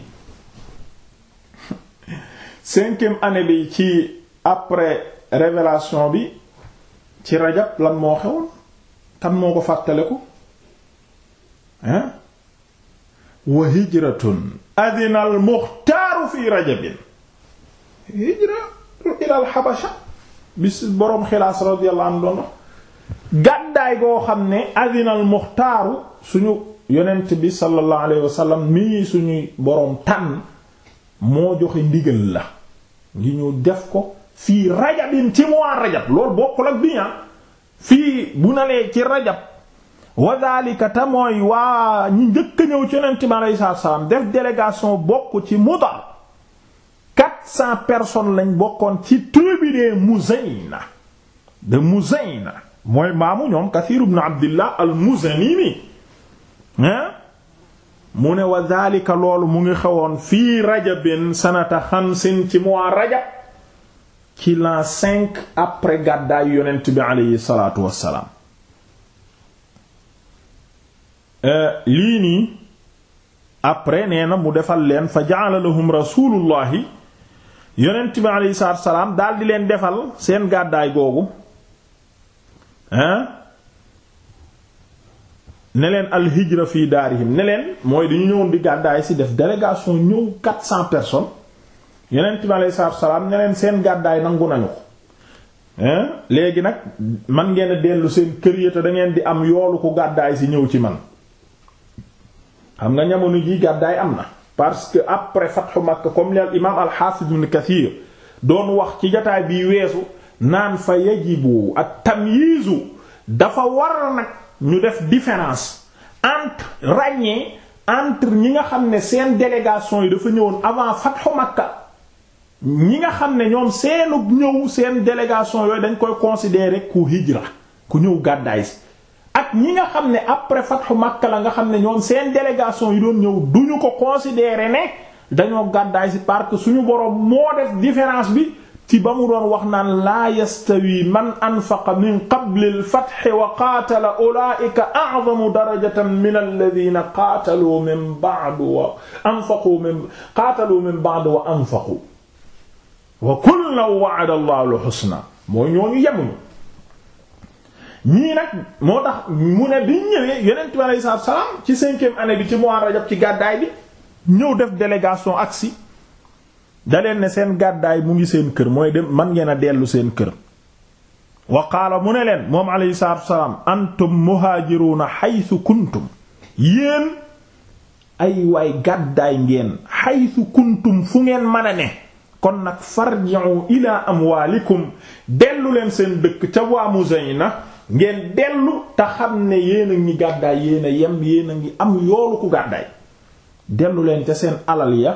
[SPEAKER 1] année bi ci après révélation bi ci rajab lan moo xewoon kan moo ko fàttaleku hein wa hijratun aw fii rajabin hijratu ilal xabasha bis boroom xilaas radiyallahu anhu doon gàddaay goo xam ne adinal muxtaaru suñu yonent bi sallallahu alayhi mii suñuy boroom tànn moo joxe ndigal la ngi ñu def ko fii rajabin ci mois rajab loolu bokkul ak bi ñaa ah. fii bu nalee ci rajab wa daalika te mooy waa ñi njëkk ñëw ci yonent bi alayhi salaam def délégation bokk ci Mudar cents personnes lañ bokkoon ci tribu de Muzayna de Muzayna mooy maamu ñoom Kasiir ibn Abdillah al loolu mu ngi xewoon fii rajabin sanata xamsin ci mois rajab ci l'an cinq après gàddaay yonent bi aleyhi salaatu euh, lii nii après nee na mu defal leen fa ja'ala lahum rasulullahi yonent bi aleyhi salaatu salaam daal di leen defal seen gàddaay googu hein ne leen alhijra fii daarihim ne leen mooy dañu ñëwoon di gàddaay si def délégation ñëw 400 personnes yonent bi aleyhi salaatu salaam ne seen gàddaay nangu nañu léegi nag man ngeen dellu seen kër yi te da ngeen di am yoolu ko gàddaay si ñëw ci man xam nga jamono jii gàddaay am na. parce que après fatxu Makka comme li al imaam al-Hafiz Ibn Kathir doon wax ci jataay bii weesu naan fa yajibu ak tamyiizu dafa war nag ñu def différence entre ràññee entre ñi nga xam ne seen délégation yi dafa ñëwoon avant fatxu Makka ñi nga xam ne ñoom seenu ñëw seen délégation yooyu dañ koy considérer ku hijra ku ñëw gàddaay si ak ñi nga xam ne après fatxu Makka la nga xam ne ñoom seen délégation yi doon ñëw duñu ko considérer ne dañoo gàddaay ci parce que suñu boroom moo différence bi ci ba mu doon wax naan laa yastawi man anfaqa min qabli al-fathi wa qaatala ulaa'ika a'zamu darajatan min alladhiina min ba'du wa min qaatalu wa anfaqu wa kullan wa'ada Allahu al-husna mooy ñooñu yemuñu ñii nag moo tax mu ne biñ ñëwee yonent bi aleyhi salaam ci cinquième année bi ci mois rajab ci gàddaay bi ñëw def délégation agsi da ne seen gàddaay mu ngi seen kër mooy dem man ngeen a dellu seen kër wa mu ne leen moom aleyhi salaatu salaam antum muhaajiruuna xaytu kuntum yéen ay waay gàddaay ngeen xaytu kuntum fu ngeen mën ne kon nag farji'u ila amwaalikum dellu leen seen dëkk ca waa Muzayna ngeen dellu te xam ne yéen a ngi gàddaay yéen a yem yéen a ngi am yoolu ku gàddaay dellu leen ca seen alal ya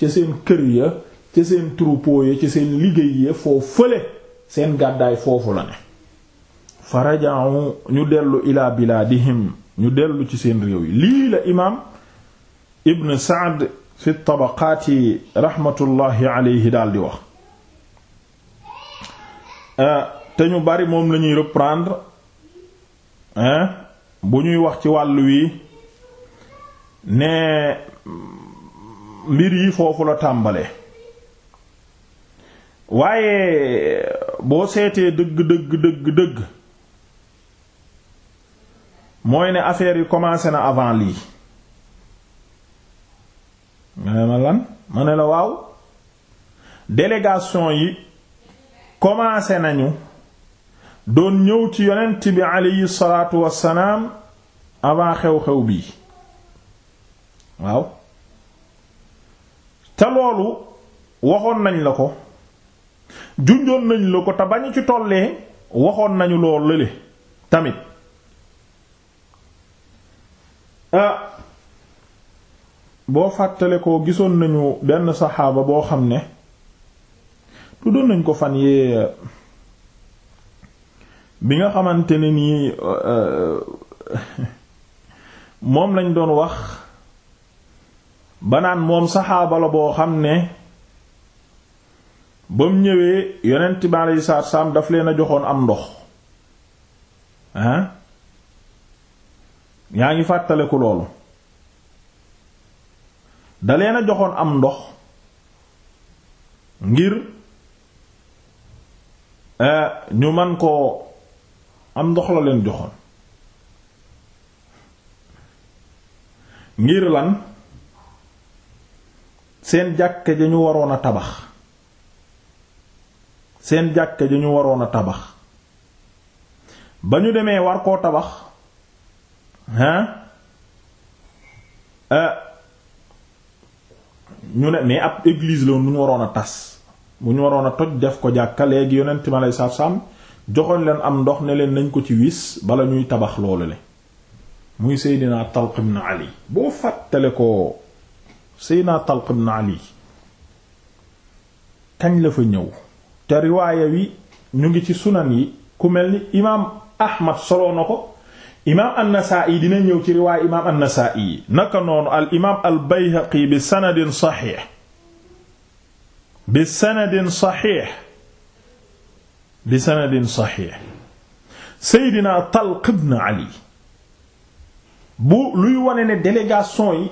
[SPEAKER 1] ca seen kër ya ca seen troupeau ya ca seen liggéey ya seen gàddaay foofu la ne faraja'u ñu dellu ila bilaadihim ñu dellu ci seen réew yi lii la imaam ibn saad fi tabaqaati raxmatullaahi alayhi daal di wax te ñu bari moom lañuy reprendre bu ñuy wax ci wàll wi ne mbir yi foofu la tàmbale waaye boo seetee dëgg dëgg dëgg dëgg mooy ne affaire yi commencé na avant lii ma lan ma ne la waaw délégation yi commencé nañu doon ñëw ci yonent bi aleyhi salaatu wassalaam avant xew-xew bii waaw te loolu waxoon nañ la ko junjoon nañ la ko te bañu ci tollee waxoon nañu lool lële tamit ah boo fàttale ko gisoon nañu benn saxaaba boo xam ne tuddoon nañ ko fan yee bi nga xamante ne nii euh, moom lañ doon wax banaan moom saxaaba la boo xam ne ba mu ñëwee yonent bi yi salaatu salaam daf leen a joxoon am ndox yaa ngi fàttaleku loolu da leen a joxoon am ndox ngir euh, ñu man ko am ndox la leen joxoon ngir lan seen jàkka ja ñu waroon a tabax seen jàkka ja ñu waroon a tabax ba ñu demee war koo tabax hein euh, ñu ne mais ab église la woon ñu waroon a tas bu ñu waroon a toj def ko jàkka léegi yonent ma lay saaf saam joxoñ leen am ndox ne leen nañ ko ci wis bala ñuy tabax loolu le muy Seydina Talq na Ali boo fàttale ko Seydina Talq ibn Ali kañ la fa ñëw te riwaaya wi ñu ngi ci sunan yi ku mel ni imaam Ahmad soloo ko imaam an dina ñëw ci riwaaya imaam an naka noonu al imaam al-Bayhaqi bi sanadin bi sanadin saxiix bi sanadin saxiix seydina Talq ibn Ali bu luy wane ne délégation yi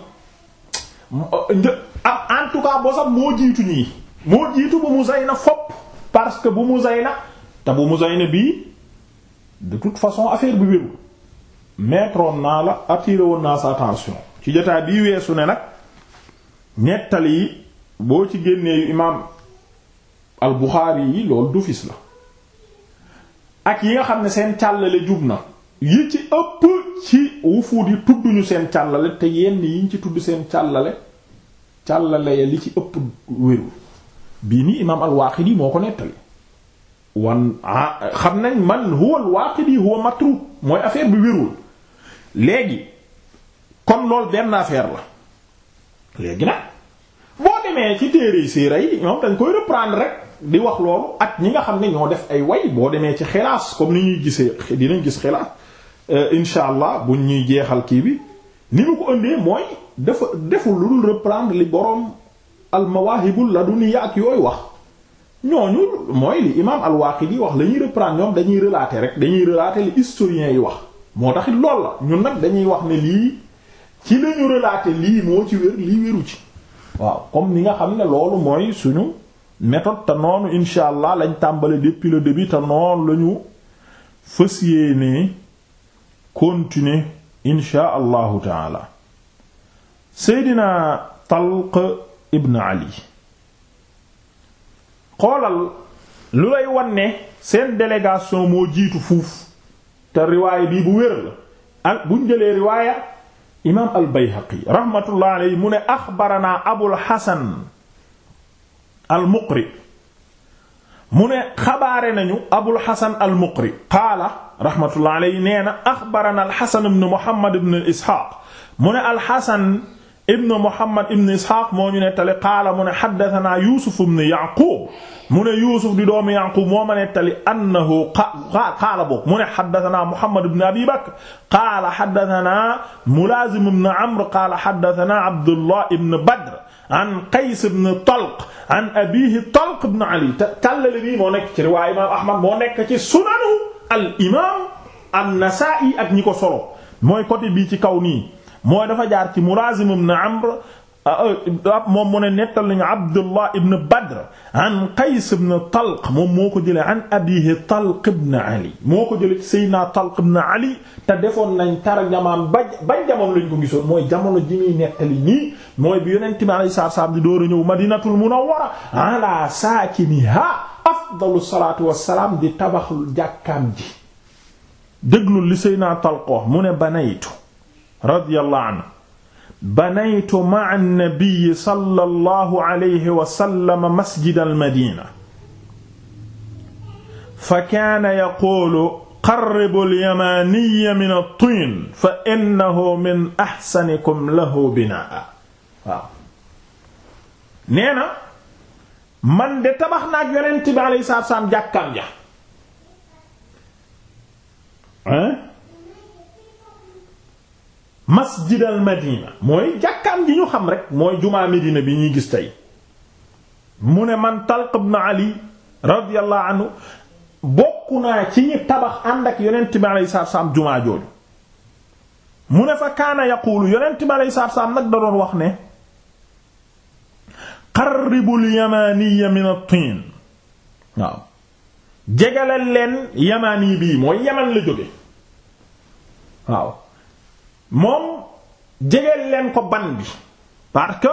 [SPEAKER 1] en tout cas boo sax moo jiitu ñii moo jiitu bu Muzayna fopp parce que bu Muzayna te bu Muzayna bii de toute façon affaire bi wéru mettre woon naa la attiré woon naa sa attention ci jotaay bii weesu ne nag nettali yi boo ci génnee yu imaam al Buxaari yi loolu dufis la ak yi nga xam ne seen càllale jub na yi ci ëpp ci wufuut yi tudduñu seen càllale te yenn yiñ ci tudd seen càllale càllale ya li ci ëpp wérul bii nii imaam al-Waaqidi moo ko nettali wan xam nañ man huwa al-Waaqidi huwa matru mooy affaire bi wérul léegi kon loolu benn affaire la léegi nag boo demee ci téere siira yi ñoom dañ koy reprendre rek di wax loolu ak ñi nga xam ne ñoo def ay way boo demee ci xilaas comme ni ñuy gisee dinañ gis xilaas euh, incha allah buñ ñuy jeexal kii bi ni mu ko ëndee mooy def deful lu dul reprendre li boroom almawaahibul ladunniya ak yooyu wax ñooñu mooy li imaam al wax lañuy ñuy ñoom dañuy relater rek dañuy relater li historiens yi wax moo taxit lool la ñun nag dañuy wax ne lii ci lañu relater lii moo ci wér lii wéru ci waaw comme ni nga xam ne loolu mooy suñu méthode te noonu incha allah lañ tàmbale depuis le début te noonu la ñu fas yéenee continuer incha allahu taala seydina Talq ibn Ali xoolal lu lay wan ne seen délégation moo jiitu fuuf te riwaaya bii bu wér la ak buñ jëlee riwaaya imaam al Bayhaqi rahmatullah alayhi mu ne axbaranaa Abul xasan al-Muqri mu ne xabaare nañu Abul Hasan al-Muqri qaala rahmatullahi alayhi nee na axbarana al-Hasan ibn Muhammad ibn Isxaaq mu ne al-Hasan ibn Muhammad ibn Isxaaq moo ñu nettali qaala mu ne haddathanaa Yuusuf ibn Yaquub mu ne Yuusuf di doomu Yaquub moo ma nettali annahu qaala boog mu ne haddathanaa Muhammad ibn Abi Bakr qaala haddathanaa Mulaazim ibn Amr qaala haddathanaa Abdullah ibn Badr an Qays ibn Talq an abiihi Talq ibn Ali tallale bii moo nekk ci riwaaya imaam Ahmad moo nekk ci sunanu al imaam an-Nasaa'i ak ñi ko solo mooy côté bii ci kaw nii mooy dafa jaar ci Mulaazim ibn Amr Ah, oh, moom mu ne nettal nañu Abdullah ibn Badr an Qays ibn Talq moom moo ko jëlee an abiihi Talq ibn Ali moo ko jëlee Seydina Talq ibn Ali te defoon nañ tarjamaam ba bañ jamono lañ ko gisoon mooy jamono ji muy nettali nii mooy bi Yonent bi alayhi salaam di door a ñëw Madinatul Munawwara ala saakinihaa afdalu salaatu wassalaam di tabaxul jàkkaam ji déglu li Seydina Talq mu ne banaytu radiyallahu anhu banaytu ma'a an-nabiy sallallahu alayhi wa sallam masjid al-madina fa kaana yaquulu qarribu al-yamaaniya min at-tiin fa innahu min ahsanikum lahu binaa waaw nee na man de tabax naa ak yonent bi alayhi salaatu wa salaam jàkkaam ja masjidal madina mooy jàkkaam ji ñu xam rek mooy jumaa Medina bi ñuy gis tey mu ne man Talq ibn Ali radiyallahu anhu bokk ci ñi tabax ànd ak yonent bi alayhi salaatu salaam jumaa jooju mu ne fa kaana yaqulu nag da wax ne qarribul yamaniya min at-tin waaw leen yamani bii mooy yaman la jóge moom jegeel leen ko ban bi parce que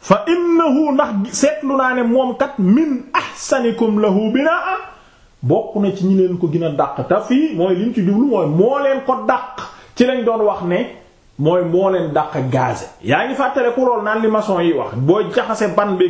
[SPEAKER 1] fa innahu ndax seetlu naa ne moom kat min ahsanikum lahu binaa bokk na ci ñi leen ko gën a dàq te fii mooy liñ ci jublu mooy moo leen ko dàq ci lañ doon wax ne mooy moo leen dàq gaze yaa ngi fàttale ku lool naan li maçon yi wax boo jaxasee ban bi